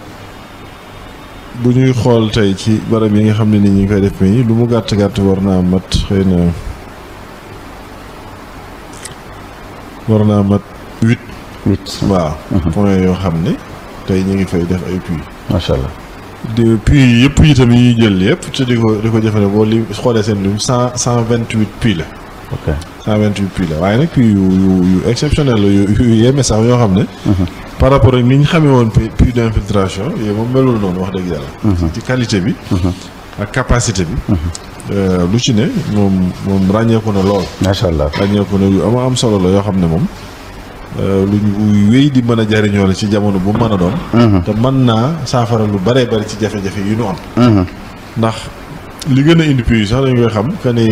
Speaker 4: bu ñuy xool tey ci barab yi nga xam ne koy def lu mu gàtt gàtt mat xëy na mat waaw. point ngi fay def ay de puits yëpp yi jël di ko ok 128 puits la waaye nag puits yoo xam ne. Uh-huh. par rapport ak ni ñu xamee woon puits d' infiltration yooyu moom melul noonu wax dëgg uh-huh. ci bi. Uh-huh. ak euh, lu ci ne moom moom ràññeeku na lool. macha allah na yu am am solo la yoo xam ne moom euh, lu ñu wéy di mën a jariñoo la ci jamono bu mën a doon. te mën naa saafara lu baree bari ci jafe-jafe yu ñu am. ndax li gën a indi puits sax dañ koy xam que ni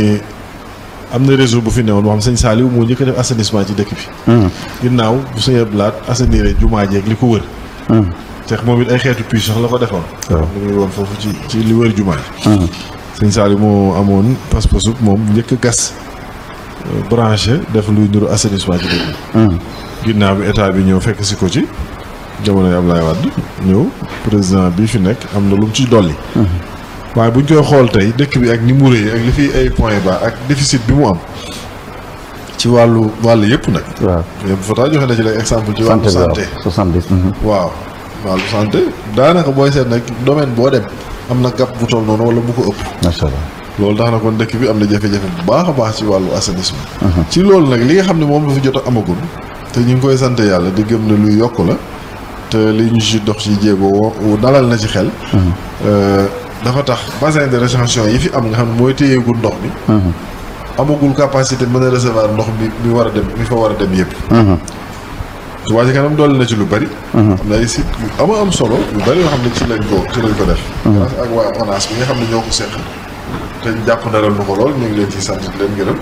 Speaker 4: am na réseau bu fi newoon boo xam sëñ Saliou moo njëkk def assainissement ci dëkk bi. Hmm. ginnaaw bu sëñ laat assainir jumaa jeeg li ko wër. Hmm. te moom it ay xeetu puis sax la ko defoon. waaw li muy woon foofu ci ci li wër jumaa ji. Hmm. sëñ Saliou moo amoon pas-pasu moom njëkk gas euh, branché def luy niru assainissement ci dëkk bi. ginnaaw bi état bi ñëw fekk si ko ci jamono jamonoy Ablaye Wade ñëw président bi fi nekk am na lum mu ci dolli. waaye bu ñu koy xool tey dëkk bi ak ni mu rëy ak li fi ay point ba ak déficit bi mu am ci wàllu wàll yëpp nag. waaw yëpp Fata joxe na ci lay exemple. ci wàllu santé mhm. waaw wàllu santé daanaka booy seet nag domaine boo dem am na gàpp bu toll noonu wala bu ko ëpp. macha loolu tax na kon dëkk bi am na jafe-jafe bu baax a baax ci wàllu assainissement. Mhm. ci loolu nag li nga xam ne moom la fi jot amagum te ñu ngi koy sant yàlla di gëm ne luy yokk la te li ñu si dox ci jéego na ci xel. Mhm. Euh, dafa tax bassin de rétention yi fi am nga xam ne mooy téyeegul ndox mi mhm. amagul capacité mën a recevoir ndox mi mi war a dem mi fa war a dem yëpp Touba mhm. Ca Kanam dolli na ci lu bari mhm. am na ay site yu ama am solo yu bari yoo xam ne ci lañ ko ci lañ ko def grâce ak waa ONAS bi nga xam ne ñoo ko seq te jàpp na nu ko lool ñu ngi leen ciy sant di leen gërëm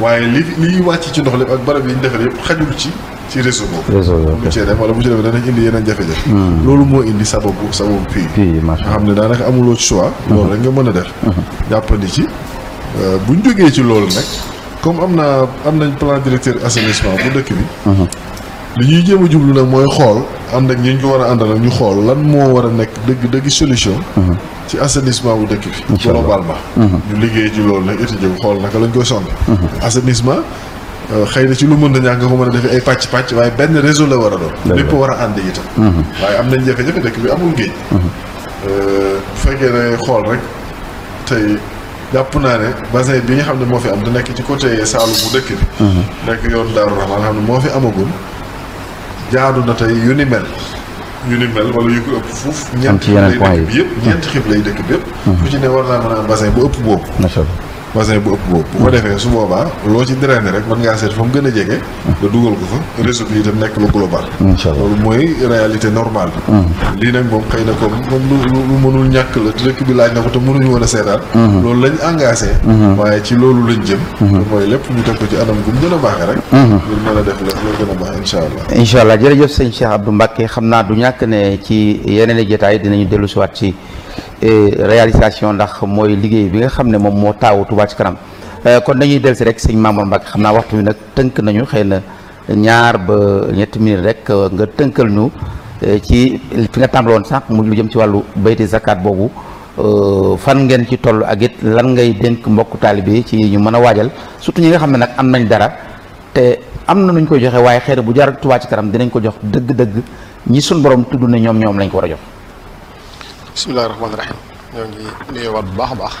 Speaker 4: waaye li liy wàcc ci ndox lépp ak barab yi ñu defar yëpp xajul ci ci réseau boobu. réseau boobu bu cee def wala bu cee def danañ indi yeneen jafe-jafe. Hmm. loolu moo indi sababu sababu pii. pii macha allah nga xam ne daanaka amuloo choix. Hmm. loolu nga mën a def. Hmm. jàppandi ci euh, bu ñu jógee ci loolu nag comme am na am nañ plan directeur assainissement bu dëkk bi. li ñuy jéem a jublu nag mooy xool am ak ñi ñu ko war a àndal ñu xool lan moo war a nekk dëgg dëgg solution. ci assainissement bu dëkk bi. globalement. ñu liggéey ci loolu nag étudier xool naka lañ koy sonn. assainissement. Euh, xëy na ci lu mën a ñàkk nga ko mën a defee ay pàcc pàcc waaye benn réseau la war a doon lépp war a ànd itam mhm. waaye am nañ jafe-jafe dëkk bi amul géej mhm. euh, bu fekkee ne xool rek tey jàpp naa ne bassin bi nga xam ne moo fi am da nekk ci côté Saalum bu dëkk bi mhm. nekk yoon ne moo fi amagul jaadu na tey yu ni mel yu ni mel wala yu ko ëpp fuuf ñeent xib lay dëkk bi yëpp ñeent xib lay dëkk bi yëpp fu ci ne war naa mën a basin bassin bu ëpp boobu bassin bu ëpp boobu. bu ko defee su boobaa loo ci drainer rek mën ngaa seet fa mu gën a jege. nga dugal ko fa réseau bi itam nekk lu global. loolu mooy réalité normal bi. Hmm. lii nag moom xay na comme moom lu lu mënul ñàkk la te dëkk bi laaj na ko te mënuñu woon a seetaan. Hmm. loolu lañ engagé. Hmm. waaye ci loolu lañ jëm. mooy lépp ñu teg ko ci anam bu mu gën a baaxee rek. ngir mën a def la gën a baax incha allah.
Speaker 1: incha allah jërëjëf sëñ Cheikh Abdou Mbacke xam naa du ñàkk ne ci yeneen i jotaay dinañu dellu si waat ci réalisation ndax mooy liggéey bi nga xam ne moom moo taawu Touba ci kanam euh, kon dañuy dellu si rek sëñ maamoon Mbacke xam naa waxtu bi nag tënk nañu xëy na ñaar ba ñetti minutes rek euh, nga tënkal ñu euh, ci fi nga tàmbaloon sànq mu lu jëm ci wàllu bayti zakat boobu fan ngeen ci toll ak it lan ngay dénk mbokku taalibe ci ñu mën a waajal surtout ñi nga xam ne nag am nañ dara te am na nuñ koy joxe waaye xëy na bu jaar Touba ci kanam dinañ ko jox dëgg-dëgg ñi suñ borom tudd ne ñoom ñoom lañ ko a jox.
Speaker 5: bisimilah rahmaani rahim ñoo ngi nuyuwaat bu baax a baax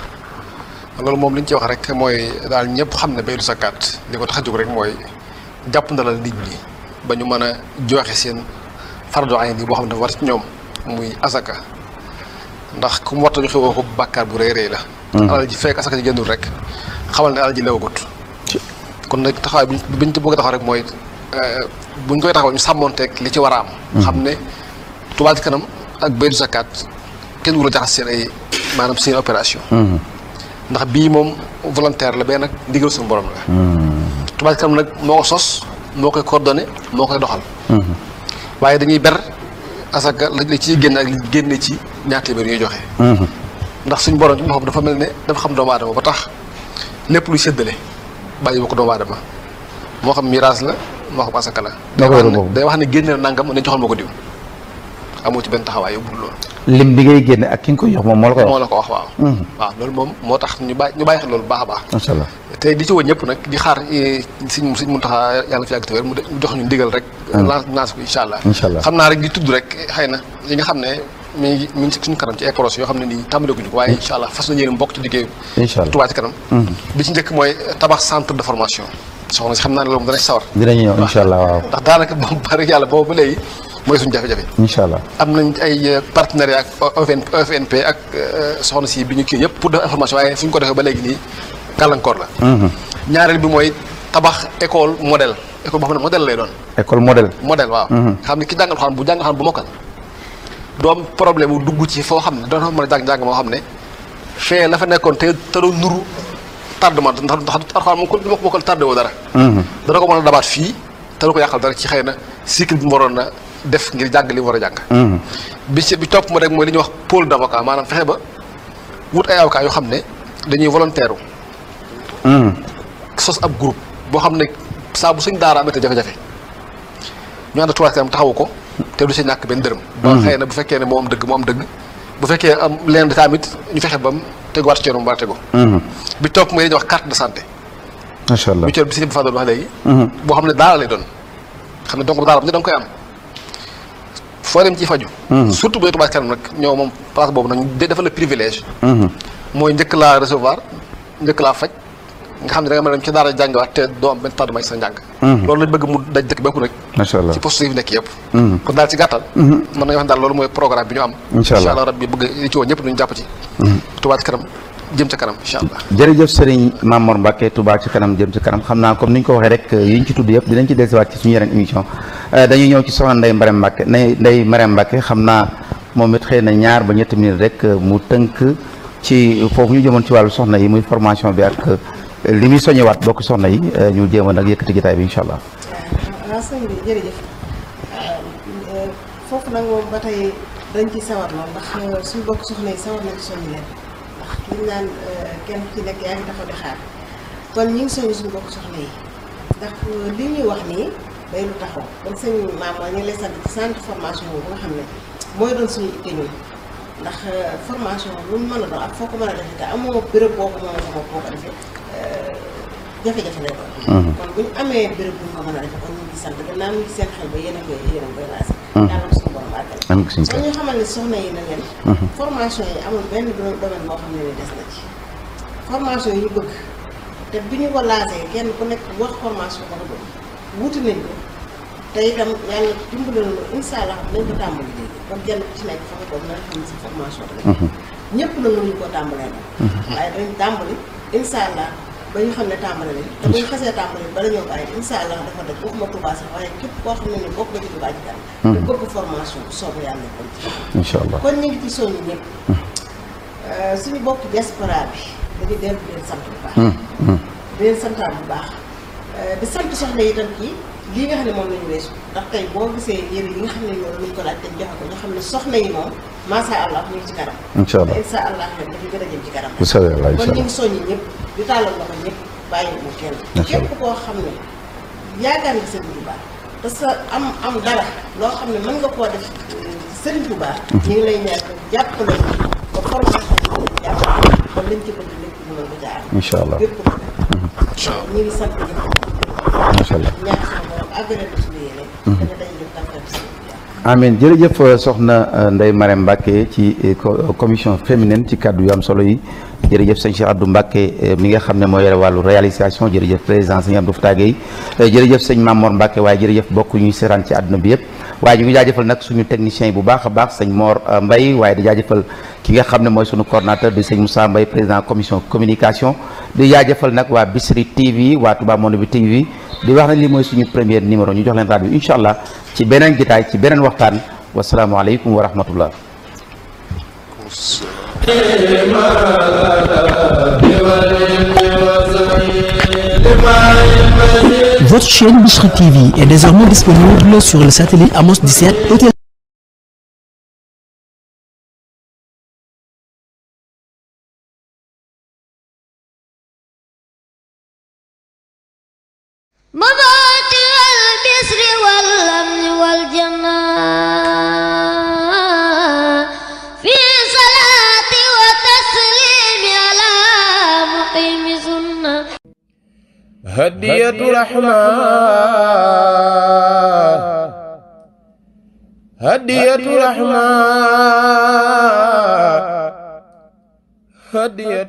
Speaker 5: loolu moom li ñu ci wax rek mooy daal ñëpp xam ne bayru sakaat li ko tax jóg rek mooy jàpp ndalal nit ñi ba ñu mën a joxe seen fardu ayn yi xam ne war ci muy asaka ndax ku mu war a joxe woo ko bàkkaar bu rëy rëy la. Hmm. alal ji fekk asaka ji génnul rek xamal ne alal ji lewagut. kon nag taxawaay bi bi ñu bëgg a taxaw rek mooy euh, bu ñu koy taxaw ñu sàmmoonteeg li ci war a am. Hmm. xam ne Touba Kanam ak bayru sakaat kenn wula jaxas seen ay maanaam seen opération hmm. ndax bii moom volontaire la benn nag ndigal suñu borom la hmm. Touba Ca Kanam nag moo ko sos moo koy coordonné moo koy doxal hmm. waaye dañuy ber asaka la ciy génn ak li génne ci ñaati téeméer ñuy joxe ndax suñu borom ci boppam dafa mel ne dafa xam doomu aadama ba tax lépp luy séddale bàyyi ba ko doomu aadama moo xam miraas la moo xam asaka la day wax ne génne nangam ne joxal ma ko diw amoo ci benn taxawaay yóbbul loolu.
Speaker 1: lim bi ngay génne ak ki nga koy jox moom moo la ko wax. waaw. Hmm.
Speaker 5: waaw loolu moom moo tax ñu bàyyi xel loolu baax a baax. te di ci woo ñëpp nag di xaar eh, mu jox ñu ndigal rek. lancé hmm. lancé ko incha allah. xam naa rek di tudd rek xëy na yi nga xam ne mi ngi mi ngi ci suñu kanam ci ay yoo xam ne nii tàmbalikuñu ko waaye hmm. incha allah fas na mbokk ci liggéey Touba kanam bi ci njëkk mooy tabax centre de formation soxna si xam naa ne loolu dana sawar
Speaker 1: dinañu ñëw incha
Speaker 5: allah mooy suñu jafe-jafe. allah am nañ ay euh, partenariat ak OFNP ak euh, soxna sii bi ñu kii yëpp pour def information waaye fu ñu ko defee ba léegi nii kàllankoor la. ñaareel bi mooy tabax école modèle école boo xam ne modèle lay doon. école modèle. modèle waaw. xam ne ki jàngal xam bu jàngal xam bu mokkal. doom problème bu dugg ci foo xam ne doon mën a jàng jàng moo xam ne fee la nekkoon te te doon nuru tardement ndax ndax alxuraan moom ko li ma ko bokkal tardé woo dara. dana ko mën a dabaat fii te ko yàqal dara ci xëy na cycle bi mu na. def ngir jàng li war a jàng. Mm-hmm. bi ci bi topp ma rek mooy li ñuy wax pôle d' avocat maanaam fexe ba wut ay avocat yoo xam ne dañuy volontaire mm-hmm. sos ab groupe boo xam ne saa bu suñ daara amee te jafe-jafe ñu ànd Touba Ça Kanam ko te du si ñàkk benn dërëm. ba mm-hmm. xëy na bu fekkee ne moo am dëgg dëgg bu fekkee am leen di tamit ñu fexe ba mu teguwaat ci yoonam war a tegu. bi topp mooy li wax carte de santé.
Speaker 3: macha allah mutuelle
Speaker 5: si ñëpp fa léegi. boo xam ne daara lay doon xam ne donc daara da koy am. foo dem ci faju hmm. surtout bu dee Touba Ca Kanam nag ñoo moom place boobu nag de dafa la privilège hmm. mooy njëkk laa recevoir njëkk laa faj nga xam ne da nga a dem ci daara jàngiwaat hmm. loolu lañ bëgg mu daj dëkk bépp nag
Speaker 3: macha allah ci poste yi fi nekk yëpp kon
Speaker 5: daal ci gàttal mën nañu wax daal loolu mooy programme bi ñu am incha allah rabbi bëgg li ci woon ñëpp ñu jàpp ci Touba Ca Kanam jëm ca kanam incha allah.
Speaker 1: jërëjëf Serigne Mamor Mbacke Touba ci kanam jëm ci kanam xam naa comme ni ñu ko waxee rek euh, yi ñu ci tudd yëpp dinañ ci dellusiwaat ci suñu yeneen émission euh, dañuy ñëw ci soxna Ndeye Marème Mbacke Ndeye Marème Mbacke xam naa moom it xëy na ñaar ba ñetti minutes rek euh, mu tënk ci foofu ñu jëmoon ci wàllu soxna yi muy formation bi ak li muy soñewaat bokk soxna yi ñu jéem a nag yëkkati jotaay bi incha allah.
Speaker 6: waaw sëñ bi jërëjëf foofu nag moom ba tey dañ ci sawar lool ndax suñu bokk soxna yi sawar nañ ci soññ leen li ñu naan euh, kenn ci nekk yaa ngi taxaw di xaar kon ñu ngi soññ suñu bokk soxna yi ndax euh, li ñuy wax nii day lu taxaw kon sëñ maama ñu ngi sant formation boobu nga xam ne mooy doon suñu itte ñun ndax euh, formation lu mu mën a doon ak foo ko mën a defee te amoo béréb boo ko mën a bokk boo ko defee jafe-jafe lay mhm. kon bu ñu amee béréb bu ñu ko mën a defee kon ñu ngi sant gannaaw ñu ngi seen xel ba yéen a ngi koy yéen a ngi koy laas. am suñu kër dañu xamal ne soxna yi na leen. formation yi amul benn domaine boo xam ne ni des na ci formation yi bëgg te bi ñu ko laajee kenn ku nekk wax formation ba nga wuti nañ ko te itam yàlla dimbali na ko incha allah nañ ko tàmbali léegi kon kenn ku ci nekk xam ko na xam si formation la. ñëpp nag mënuñu koo tàmbalee nag. waaye dañ tàmbali incha ba ñu xam ne tàmbali nañ te bu ñu xasee tàmbali bala ñoo bàyyi incha allah dafa daj waxuma Touba sax waaye képp koo xam ne ni bokk nga ci Touba hmm. ci kanam kon ñu ngi ci soññ ñëpp hmm. euh, suñu bokk diaspora bi dañu dellu di leen sant bu baax hmm. leen santaat bu baax euh, di sant soxna itam kii lii nga xam ne moom lañu weesu ndax tey boo gisee yére yi nga xam ne ñoom lañ ko laaj dañ joxe ko ñu xam ne soxna yi moom macha allah allah incha a nga sëriñ def sëriñ bu baax ñu lañ ci ko
Speaker 3: jaar incha allah
Speaker 6: ñu ngi sant
Speaker 3: allah Mm-hmm.
Speaker 1: amin jërëjëf euh, soxna euh, ndey Marème Mbacke ci euh, commission féminine ci kàddu yu solo yi jërëjëf sëñ Cheikh Abdou Mbacke mi nga xam ne moo yore wàllu réalisation jërëjëf président sëñ Abdou Fatah Gueye jërëjëf sëñ Mamor Mbacke waaye jërëjëf bokk ñuy seeraan ci àdduna bi yëpp waaye ñu ngi jaajëfal nag suñu technicien bu baax a baax sëñ Mor euh, mbay waaye di jaajëfal ki nga xam ne mooy suñu coordonnateur di sëñ Moussa mbay président commission communication di jaajëfal nag waa Bisri TV waa Touba Monde bi TV di wax na li mooy suñu premier numéro ñu jox leen rajo incha allah ci beneen gitaay ci beneen waxtaan wasalaamualeykum wa rahmatullah
Speaker 3: Votre chaîne Bichri TV est désormais disponible sur le satellite Amos 17
Speaker 5: هدية رحمة هدية رحمة هدية